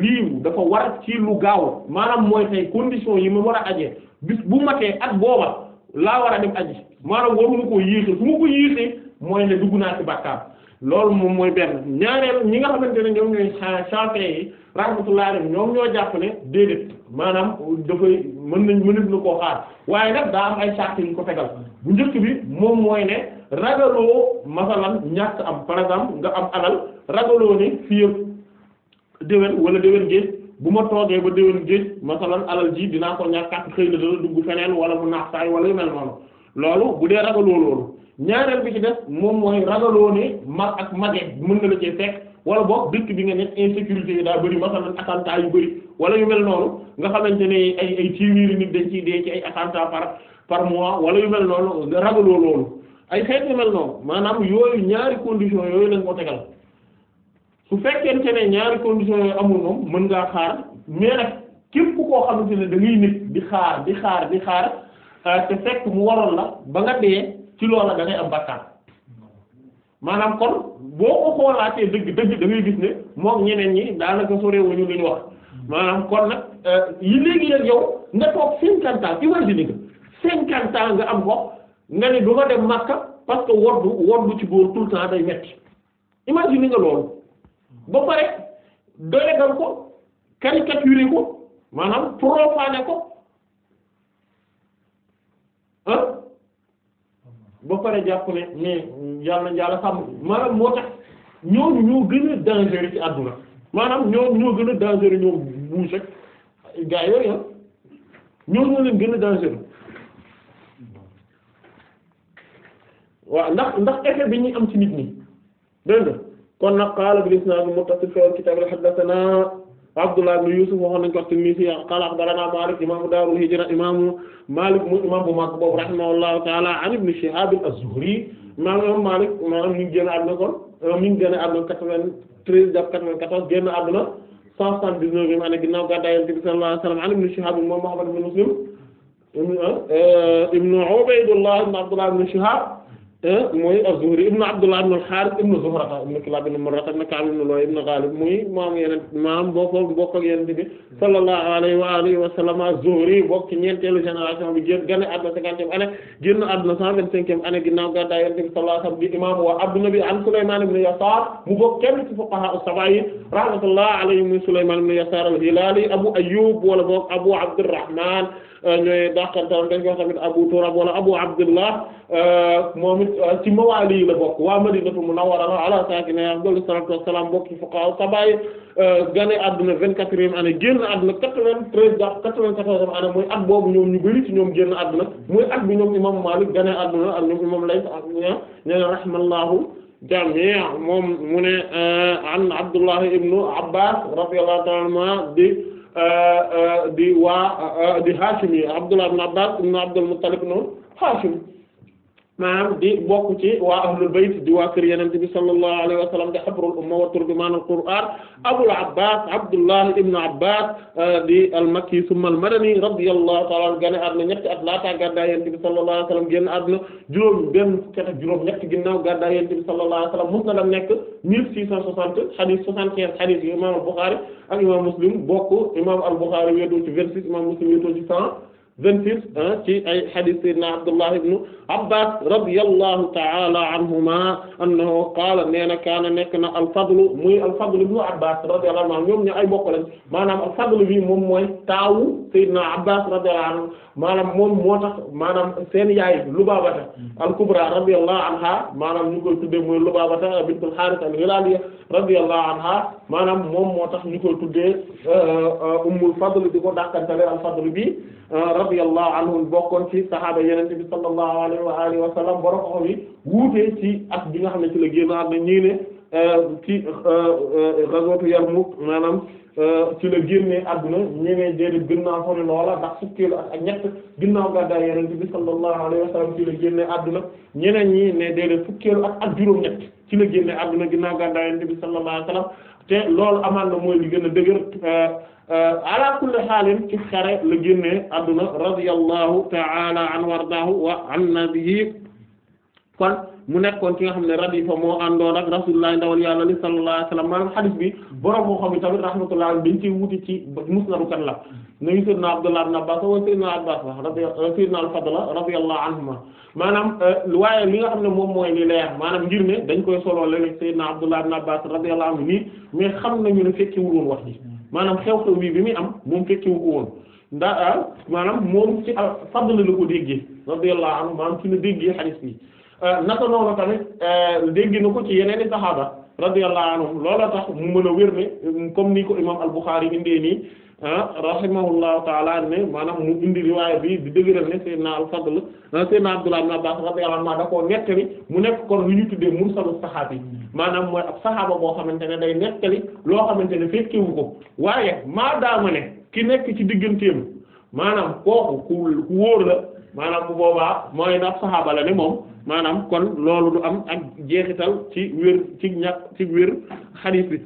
lii dafa war ci lu gaaw maanaam mooy tey condition yi ma war a ajee bis bu matee at booba laa war a dem aji maanaam waruma koo yéexee su ma ko yéexee mooy ne dugg naa ci bàkkaar loolu moom mooy benn ñaareel ñi nga xamante ne ñoom ñooy Shafi'i yi rahmatullahi alayhim ñoom ñoo jàpp ne déedéet maanaam dafay mën nañ mënit na koo xaar waaye nag daa am ay sart yu ko tegal bu njëkk bi moom mooy ne ragaloo masalan ñàkk am par exemple nga am alal ragaloo ne fii yëpp déwén wala déwén géej bu ma toogee ba déwén géej masalan alal ji dinaa ko ñàkkat xëy na dana dugg feneen wala mu naax saay wala yu mel noonu loolu bu dee ragaloo loolu ñaareel bi ci def moom mooy ragaloo ne mag ak mage mën na la cee fekk wala boog dëkk bi nga nekk insécurité yi daa bëri masalan attentat yu bëri wala yu mel noonu nga xamante ne ay ay ciwiiri nit dañ ciy dee ci ay attentat par par mois wala yu mel noonu ragaloo loolu ay xeet yu mel noonu maanaam yooyu ñaari condition yooyu lañ ko tegal su fekkee ne ñaari conditions yooyu amul moom mën ngaa xaar mais nag képp koo xamante ne da ngay nit di xaar di xaar di xaar euh, te fekk mu waroon la ba nga dee ci loola da am bakkaar maanaam kon boo ko xoolaatee dëgg dëgg da ngay gis ne moom ñeneen ñi daanaka sorewuñu li ñu wax maanaam kon nag euh, yi léegi nag yow nga toog cinquante ans imagine nga cinquante ans nga am ko nga ne du ma dem Makka parce que woddu woddu ci góor tout le temps day metti imagine nga loolu ba pare doyagal ko caricaturer ko maanaam profaner ko ah ba pare jàpp ne mais yàlla yàlla sàmm maanaam moo tax ñooñu ñoo gën a ci àdduna maanaam ñoo ñoo gën a dangereux ñoo buus ak gaa yooyu ah ñoo ñoo gën a dangereux waaw ndax ndax effet bi ñuy am ci nit ñi dégg kon nag qaala bil isnaad muttasil fil kitaab haddathanaa Abdullah ibn Yusuf waxoon nañu ko at-Tinnisi qaala akhbaranaa Maalik imaamu daaril hijra imaamu Maalik mu imaam bu mag boobu rahimahullahu ta'aala an Ibn Shihaab az-Zuhri maanaam Maalik maanaam mi ngi génn àdduna kon euh, mi ngi génn àdduna 93 jàpp 94 génn àdduna 179 année ginnaaw gàddaay Yonent bi sallallahu alayhi wa sallam an Ibn Shihaab moom Muhammad ibn Muslim euh, euh, ibn Ubaydullah ibn Abdullah ibn Shihaab Euh, mooy az-Zuhri ibn Abdullah ibn al-Harith ibn Zuhrata ibn Kilab ibn Murrata ibn Ka'b ibn Lu'ay ibn Ghalib muy maam yeneen maam bokk bokk ak yeneen bi sallallahu alayhi wa alihi wa sallam az-Zuhri bokk ci ñeenteelu génération bi génn gane àdduna cinquantième année génn àdduna cent vingt-cinquième année ginnaaw gàddaay yeneen bi sallallahu alayhi wa sallam di imam wa abduna bi an Sulayman ibn Yasar mu bokk kenn ci fuqaha as-sab'a yi rahmatullahi alayhi muy Sulayman ibn Yasar al-Hilali Abu Ayyub wala bokk Abu Abdurrahman euh, ñooy dàqantal dañ ko tamit Abu Turab wala Abu Abdullah euh, moom Euh, ci mawaali yi la bokk waa Madinatu Munawwara ala saakinihaa afdalu salaatu wassalaam bokk ci fuqahaa sabaay euh, gane àdduna vingt-quatrième année génn àdduna quatre-vingt-treize da quatre-vingt-quatorzième mooy at boobu ñoom ñu bari ci ñoom génn àdduna mooy at bi ñoom imam Maalik gane àdduna ak ñoom imam Layth ak ña ñene rahmallahu jamia moom mu ne euh, an Abdullah ibnu Abbas radiyallahu ta'ala anhuma di di waa di Haashimi Abdullah ibnu Abbas ibnu Abdul Muttalib ibnu Haashim maanaam di bokk ci waa ahlul bayt di waa kër yenente bi alayhi wa sallam di habrul umma wa turjumaanul qur'aan abul abbas abdullah ibnu abbas euh, di al makki summa al madani radiyallahu ta'ala anhu génn àdduna ñetti at laata gàddaay yenente bi sallallahu alayhi wa sallam génn àdduna juróom benn fukki at juróom ñetti ginnaaw gàddaay yenente nekk mille six cent soixante hadith soixante-quinze hadith imam al bukhari ak imam muslim bokk imam al bukhari wéetoo ci vingt imam muslim wéetoo ci cent vingt-six ci ay hadith sayyidina Abdullah ibn Abbas radiyallahu ta'ala anhuma annahu qaala nee na kaana nekk na al-Fadl muy al-Fadl ibn Abbas radiyallahu anhu ñoom ñu ay bokk lañ maanaam al-Fadl bi moom mooy taawu sayyidina Abbas radiyallahu anhu maanaam moom moo tax maanaam seen yaay Lubaabata al-Kubra radiyallahu anha maanaam ñu koy tuddee mooy Lubaabata bintul Harith al-Hilaliya radiyallahu anha maanaam moom moo tax ñu koy tuddee euh, euh, Ummul Fadl di ko dàkkantale al-Fadl bi Euh, radiyallahu anhum bokkoon ci saxaaba yenente bi sallallahu alayhi wa alihi wa sallam borom xam yi wuute ci at bi nga xam ne ci la génn àdduna ñii ne euh, ci euh, ghazwatu Yarmuk maanaam ci la génnee àdduna ñenee déedéet ginnaaw fa ni loola ndax fukkeelu at ak ñett ginnaaw gàddaay yenente bi sallallahu alayhi wa sallam ci àdduna ñeneen ñi ne déedéet fukkeelu at ak juróom-ñett ci la génnee àdduna ginnaaw gàddaay yenente bi sallallahu alayhi wa te loolu amaan na mooy li gën a dëgër Euh, ala kulli xaalin ci xare la génnee adduna radiyallahu ta'ala an wardahu wa an nabihi kon mu nekkoon ki nga xam ne radifa moo àndoon ak rasulullah ndawal yàlla li sallallahu alayhi wasallam maanaam xadis bi borom moo xam ne tamit rahmatullah dañ ci wuti ci musnadu kan la nañu sayyidna Abdullah ibn Abbas wa sayyidna Abbas wa euh, sayyidna al-Fadl radiyallahu anhuma maanaam lu euh, waaye li nga xam ne moom mooy li leer maanaam ngir ne dañ koy soloo léeg-léeg sayyidna Abdullah ibn Abbas radiyallahu anhu nii mais xam nañu ne fekki wuloon wax ji maanaam xew-xew bi bi muy am moom fekkiwu ko woon ndaa ah, maanaam moom ci fadl la ko déggee radiyallahu anhu maanaam ci la déggee xadiis bi ah, naka a tamit ah, dégg na ko ci yeneen i saxaaba radiyallahu anhum loola tax mu mën a wér ne comme ni ko imaam al-Bukhari indee nii Ah rahimahullahu taala ne maanaam mu indi riwaaya bi di dëgëral ne Seydina al-Fadl ah Seydina Abdullah ibn Abbas radiyallahu anhu da koo nettali mu nekk kon lu ñu tuddee mursalu saxaabi maanaam mooy ab saxaaba boo xamante ne day nettali loo xamante ne fekkewu ko waaye maa daama ne ki nekk ci digganteem maanaam kooku ku wóor la maanaam bu boobaa mooy naa ab saxaaba la ne moom maanaam kon loolu du am ak jeexital ci wér ci ñàkk ci wér xadiis bi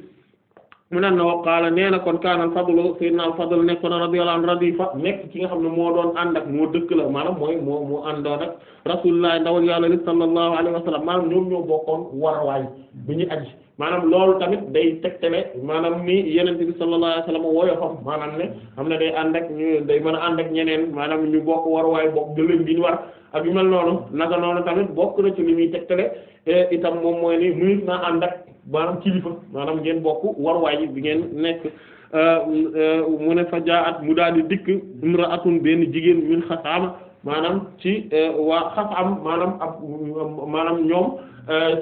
mu ne na wa qaala nee na kon kaana al fadlu sayyidina al fadl nekkoon radiyallahu anhu radifa nekk ki nga xam ne moo doon ànd ak moo dëkk la maanaam mooy moo moo àndoon ak rasulullah ndawal yàlla li sallallahu alayhi wa sallam maanaam ñoom ñoo bokkoon warawaay bu ñu aji maanaam loolu tamit day tegtale maanaam ni yenente bi sallallahu alayhi wasallam woyofam maanaam ne xam ne day ànd ak ñu day mën a ànd ak ñeneen maanaam ñu bokk waruwaay bokk gëlëm bi ñu war ak yu mel noonu naka noonu tamit bokk na ci li muy tegtale e itam moom mooy ni mënut naa ànd ak maanaam kilifa maanaam ngeen bokk waruwaay bi ngeen nekk euh, euh, mu ne at mu daal di dikk imra'atun benn jigéen min xasaama maanaam ci euh, waa xasaam maanaam ab maanaam ñoom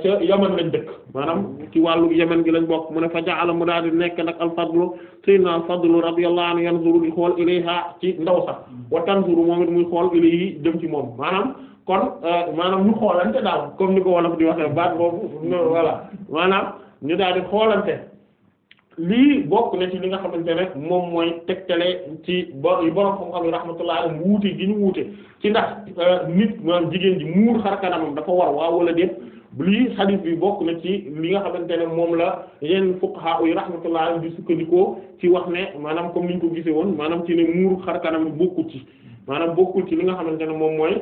ca yaman lañ dëkk maanaam ci wàllu yaman gi lañ bokk mu ne fa ja'ala mu daal di nekk nag al-Fadlu sayyidina al-Fadlu radiyallahu anhu yanzuru di xool ilayha ci ndaw sax wa tanzuru moom it muy xool ilayhi jëm ci moom maanaam kon euh, maanaam ñu xoolante daal comme ni ko wolof di waxee baat boobu voilà maanaam ñu daal di xoolante lii bokk na ci li nga xamante ne moom mooy tegtale ci borom xam-xam yi rahmatullah am wuute gi ñu wuute ci ndax euh, nit maanaam jigéen ji muur xar kanamam dafa war waaw wala lii hadith bi bokk na ci li nga xamante ne moom la yenn fuqaha yi rahmatullah am di sukkandikoo ci wax ne maanaam comme ni ñu ko gisee woon maanaam ci ne muur xar kanam bokkul ci maanaam bokkul ci li nga xamante ne moom mooy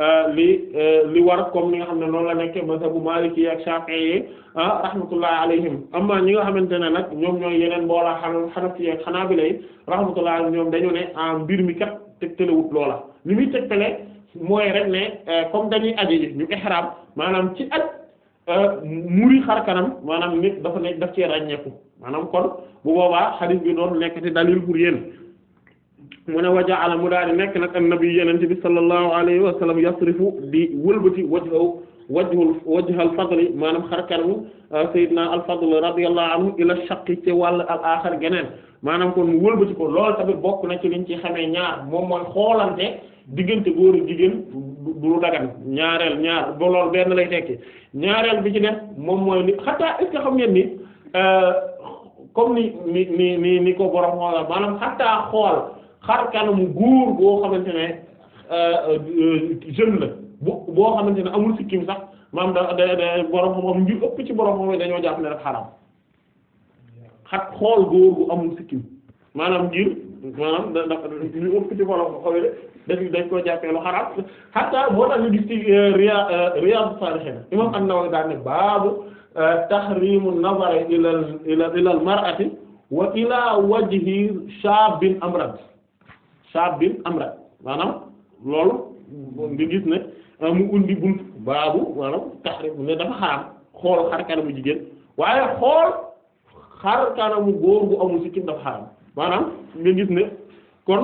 Euh, li euh, li war comme ni nga xam ne noonu la nekke bu maliki ak shafi'i ah, rahmatullahi am amma ñi nga xamante ne nag ñoom ñooy yeneen mboolaa xan xanafi ak xanaabila rahmatullahi ñoom dañu ne ah, mbir mi kat tegtalewut loola li muy tegtale mooy rek ne euh, comme dañuy aji yi ñu ihram maanaam ci at muri xar kanam maanaam nit dafa nekk daf ci ràññeeku maanaam kon bu boobaa xadiis bi doon nekk ci dalil pour yéen mu ne wajaala mu daal di nekk nag annabi yenente bi sallallahu alayhi wa sallam yasrifu di wëlbati wajhahu wajhul wajhal fadli maanaam xarkanamu ah, sayyidina al fadl radiyallahu anhu ila shaqi ci wàll al axar geneen maanaam kon mu wëlbati ko loolu tamit bokk na ci liñ ci xamee ñaar moom mooy xoolante diggante góor ak jigéen du dagan ñaareel ñaar ba loolu benn lay tekki ñaareel bi ci def moom mooy ni xataa est xam ngeen ni ah, comme ni ni ni ni ni ko borom xoolal maanaam xar mu góor boo xamante ne euh, jeune la bu boo xamante ne amul sikkim sax maam da da da borom xam-xam ñu ëpp ci borom xam dañoo jàpp ne rek xaram xat xool góor gu amul sikkim maanaam ngir maanaam da da ñu ëpp ci borom xam-xam dañ dañ koo jàppee lu xaram xataa boo tax ñu gis ci euh, euh, Riyâdous Sâlihîne imam An-Nawawi daan ne baabu tahrimu nazari ila ila ila al wa ila wajhi shaabin amrad shabbin amra maanaam loolu nga gis ne euh, mu undi bunt baabu maanaam tahrim ne dafa xaram xool xar kanamu jigéen waaye xool xar kanamu góor bu amul sikkim dafa xaram maanaam nga gis ne kon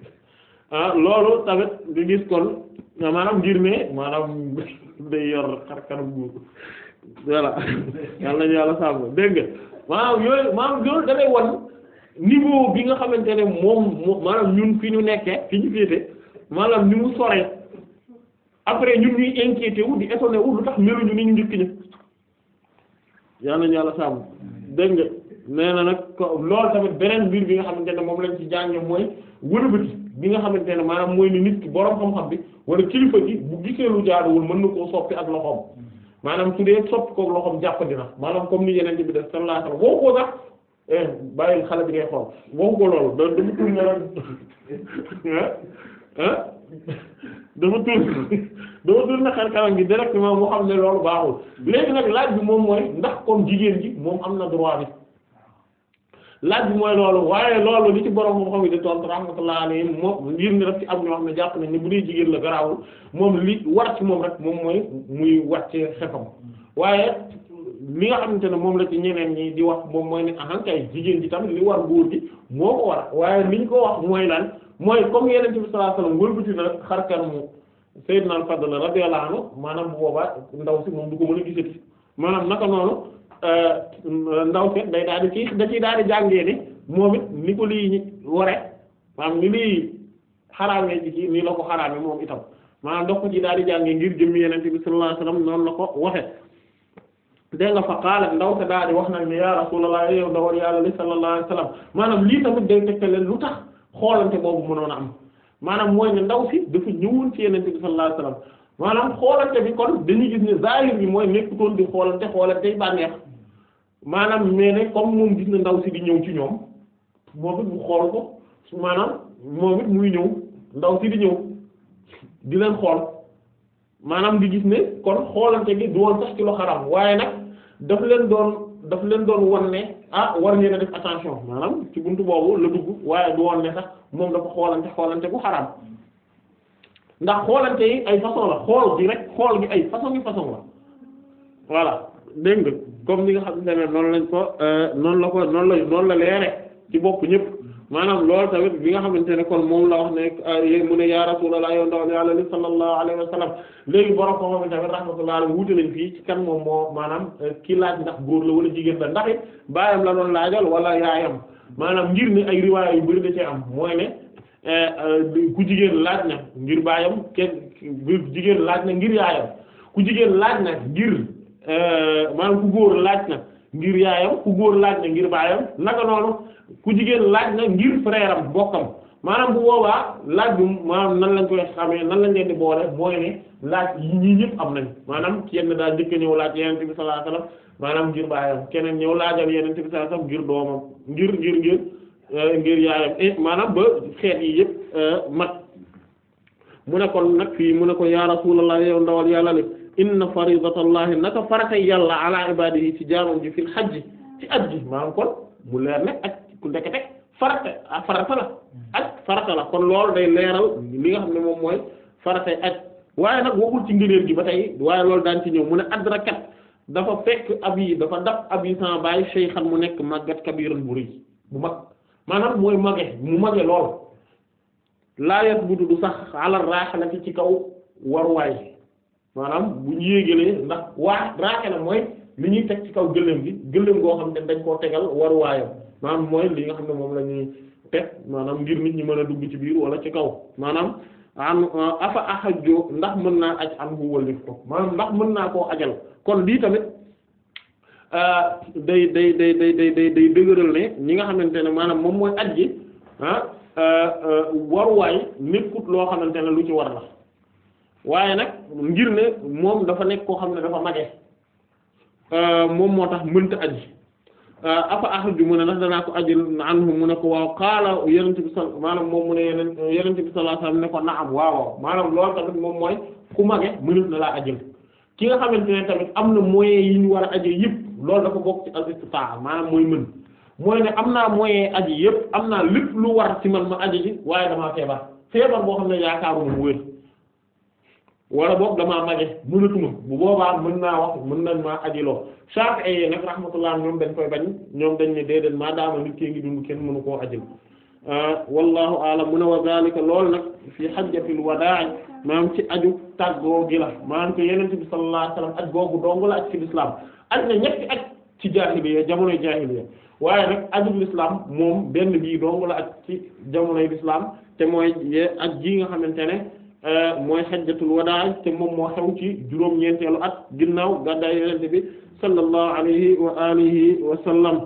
ah, loolu tamit nga gis kon maanaam ngir ne maanaam day yor xar kanam góor voilà yàlla nañu yàlla sàmm dégg nga maanaam yooyu maanaam loolu da wan ni niveau bi nga xamante ne moom moo maanaam ñun fi ñu nekkee fi ñu féete maanaam ni mu soree après ñun ñuy inquiété wu di étonné wu lu tax meluñu ni ñu njëkk ña yal nañu yàlla sàmm dégg nga nee na nag lool tamit beneen mbir bi nga xamante ne moom lañ ci jànge mooy wëlbati bi nga xamante ne maanaam mooy ni nit ki boroom xam-xam bi wala kilifa gi bu gisee lu jaaduwul mën na koo soppi ak loxoom maanaam su dee soppi koog loxoom jàppandi na maanaam comme ni yeneen bi Eh, bàyyil xale bi ngay xool waxu ko loolu da dafa tuur nga ah eh, eh, dafa tuur dafa tuur na xar kanam gi directement mu xam ne baaxul léegi nag laaj bi moom mooy ndax comme jigéen ji moom am na laaj bi mooy loolu waaye loolu li ci borom moo xam ne di tontu rahmatullahi alayhi xam ne jàpp nañ ne bu jigéen la garawul moom li war ci moom moom mooy muy wàcce xefam waaye li nga xamante ne moom la ci ñeneen ñi di wax moom mooy ne ahankay jigéen ji tamit li war góor gi moo ko war waaye li ñu ko wax mooy lan mooy comme yeneen ci bi sallallahu alayhi wasallam wëlbati na xar kanamu Sayyidna al-Fadl radiyallahu anhu maanaam bu boobaa moom euh, day daal di ci daal di jàngee ni moom it ni ko lii ware maanaam ni lii xaraamee ji ci la ko xaraamee moom itam maanaam dox ko ci daal di jàngee ngir jëm yeneen ci bi sallallahu alayhi wasallam noonu la ko waxe dégg nga fa qaalat ndaw sa daal di wax nag ni ya rasulullah yow ndawal yàlla li sallallahu alayhi wasallam maanaam lii tamit day tegtale lu tax xoolante boobu mënoon a am maanaam mooy ne ndaw si dafa ñëwoon ci yenente bi sallallahu alayhi wasallam maanaam xoolante bi kon dañuy gis ne zahir bi mooy nekkutoon di maanaam mais ne comme moom gis ndaw si di ñëw ci ñoom moom it mu xool ko maanaam moom it muy ñëw ndaw si di ñëw di leen xool maanaam di gis ne kon xoolante bi du woon sax xaram waaye nag daf leen doon daf leen doon won ne ah war ngeen a def attention maanaam ci buntu boobu la dugg waaye du woon ne sax moom dafa xoolante xoolante bu xaraam ndax xoolante yi ay façon la xool gi rek xool gi ay façon yi façon la voilà dégg nga comme ni nga xam ne noonu lañ ko euh, noonu la ko noonu la noonu la leere ci bopp ñëpp maanaam lool tamit bi nga xamante ne kon moom la wax ne euh, mu ne ya rasulullah yow ndaw yàlla li sallallahu alayhi wa sallam léegi borom ko moom tamit rahmatullah alayhi wuute nañ fii ci kan moom moo maanaam euh, ki laaj ndax góor la wala jigéen la ndax it baayam la doon laajal wala yaayam maanaam ngir ne ay riwaaya yu bari da cee am mooy ne euh, ku jigéen laaj na ngir baayam kenn jigéen laaj na ngir yaayam ku jigéen laaj na ngir maanaam ku góor laaj na ngir yaayam ku góor laaj na ngir baayam naka noonu ku jigéen laaj na ngir frère am maanaam bu boobaa laaj bi maanaam nan lañ koy xamee nan lañ leen di boole mooy ne laaj yi ñii ñëpp am nañ maanaam kenn daal njëkk ñëw laaj yenente bi sallallahu maanaam ngir baayam keneen ñëw laajal yenente bi sallallahu alayhi wasallam ngir doomam ngir ngir ngir eh, ngir yaayam et eh, maanaam ba xeet yi yëpp eh, mat mu ne kon nag fii mu ne ko ya rasulullah yow ndawal yàlla li inna faridatallahi naka faratay yàlla ala ibadihi ci jaamam ji fil xajji ci at ji maanaam kon mu leer ne ak ku ndekete farata ah farata la hmm. ak farata la kon lool day leeral li nga xam ne moom mooy faratay ak waaye nag waxul ci ngëneel gi ba tey waaye lool daan ci ñëw mu ne adrakat dafa fekk ab yi dafa daf ab yi sans bàyyi shaykhan mu nekk màggat kabiran bu rëy bu mag maanaam mooy mage mu mage lool laayat budu du sax ala raxalati ci kaw waruwaay maanaam bu ñu yéegalee ndax waa raake na mooy li ñuy teg ci kaw gëléem gi gëléem goo xam ne dañ koo tegal waruwaayam maanaam mooy li nga xam ne moom la ñuy teg maanaam ngir nit ñi mën a ci biir wala ci kaw maanaam an uh, ndax mën naa aj an hu ko maanaam ndax mën naa koo ajal kon lii tamit uh, day day day day day day day dëgëral ñi nga xamante ne maanaam moom mooy aj gi ah uh, waruwaay nekkut loo xamante ne lu ci war la waaye nag ngir ne moom dafa nekk koo xam ne dafa mage euh, moom moo tax mënta aji euh, afa ahaju mu ne ndax danaa ko ajil anhu mu ne ko waaw qaala yenente maanaam mu ne yeneen bi sallallahu alayhi wasallam waaw maanaam moom mooy ku mage mënut na laa ajil ki nga xamante ne tamit am na moyen yi ñu war a yëpp loolu dafa bokk ci al-istita'a maanaam mooy mën mooy ne am naa moyen aji yëpp am naa lépp lu war ci man ma aji ji waaye damaa feebar feebar boo xam ne yaakaaruma mu wér wala boog damaa mage mënatuma bu boobaa mën naa wax mën nañ maa ajiloo Shafi'i yi nag rahmatullah ñoom dañ koy bañ ñoom dañ ne déedéet maa daama nit ki ngi dund kenn mënu koo ajil euh, wallahu a'lam mu ne wa zalika lool nag fi hajjatil wadaa maam ci aju tàggoo gi la maam ko yenente bi sallallahu alayhi wasallam aj googu dong ci l'islam aj na ñetti aj ci jaahiliya jamonoy jaahiliya waaye nag aju l'islam moom benn bii dong la aj ci jamonoy l'islam te mooy aj ji nga xamante ne Euh, mooy xajjatul wadaa te moom moo xew ci juróom-ñeenteelu at ginnaaw gàddaay yonent bi sallallahu alayhi wa alihi wa naa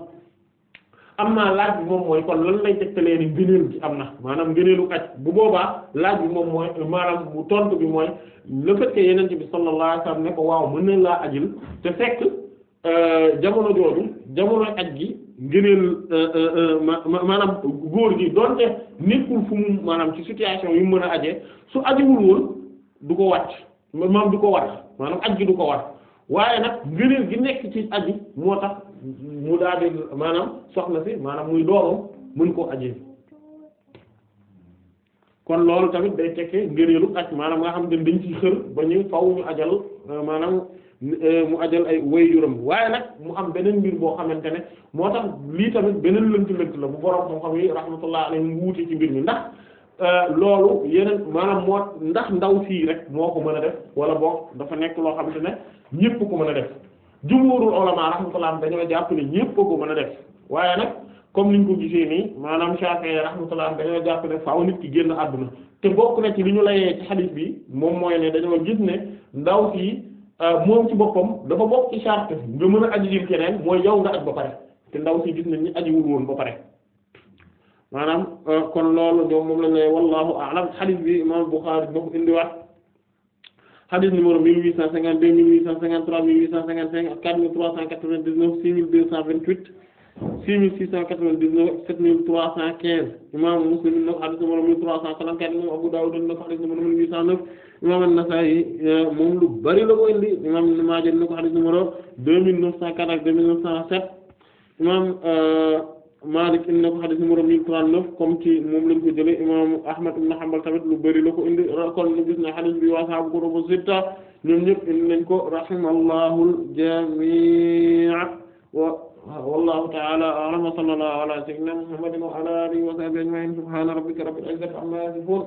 amma laaj bi moom mooy kon lan lay tegtalee ni ngëneel gi am na maanaam ngëneelu aj bu boobaa laaj bi moom mooy maanaam bu tontu bi mooy le fait que bi sallallahu alayhi ne ko waaw mën nañ laa ajil te fekk euh, jamono jooju jamono aj gi. ngëneel euh, euh, euh, maanaam góor gi donte nekkul fu maanaam ci situation yu mën a aje su ajewul woon du ko wàcc maanaam du ko war maanaam aj gi du ko war waaye nag ngëneel gi nekk ci aji moo tax mu daal maanaam soxna si maanaam muy doomam mën koo aje kon loolu tamit day tekkee ngëneelu aj maanaam nga xam ne dañ ci xër ba ñu faw ajal maanaam Euh, mu ajal ay wayjuram waaye nag mu am beneen mbir boo xamante ne moo tax lii tamit beneen lënt lënt la bu borom xam-xam yi rahmatullah alayhim wuute ci mbir mi ndax euh, loolu yeneen maanaam moo ndax ndaw sii rek moo ko mën a def wala boo dafa nekk loo xamante ne ñépp ko mën a def jumhuurul ulama rahmatullah dañoo jàpp ne ñépp ko mën a def waaye nag comme ñu ko gisee nii maanaam Shafi'i rahmatullah dañoo jàpp ne faaw nit ki génn àdduna te bokk na ci li ñu layee ci xadiis bi moom mooy ne dañoo gis ne ndaw sii Euh, moom ci boppam dafa bokk ci charte nga mën a aji jil keneen mooy yow nga aj ba pare te ndaw si gis nañ ni aji wul woon ba pare maanaam euh, kon loolu ñoom moom lañ lay wallahu a'lam bi imam Bukhari bokk indiwaat hadith numéro mille huit cent cinquante deux mille huit cent cinquante trois mille huit cent cinquante cinq quatre mille trois cent quatre-vingt-dix-neuf six mille deux cent vingt-huit six mille six cent quatre-vingt-dix-neuf sept mille trois cent quinze imam imam An-Nasa'i euh, moom lu bari la ko indi imam Ibn Maaja na ko hadith numéro deux mille neuf cent quatre ak deux mille neuf cent sept imam euh, Malik indi na ko hadith numéro neuf comme ci moom lañ ko imam Ahmad ibn Hanbal tamit lu bari la ko indi kon ñu gis ne hadith bi waa sahaabu kutubu sitta ñoom ñëpp indi ko rahimallahu al-jami' wallahu ta'ala a'lam wa sallallahu ala wa ala alihi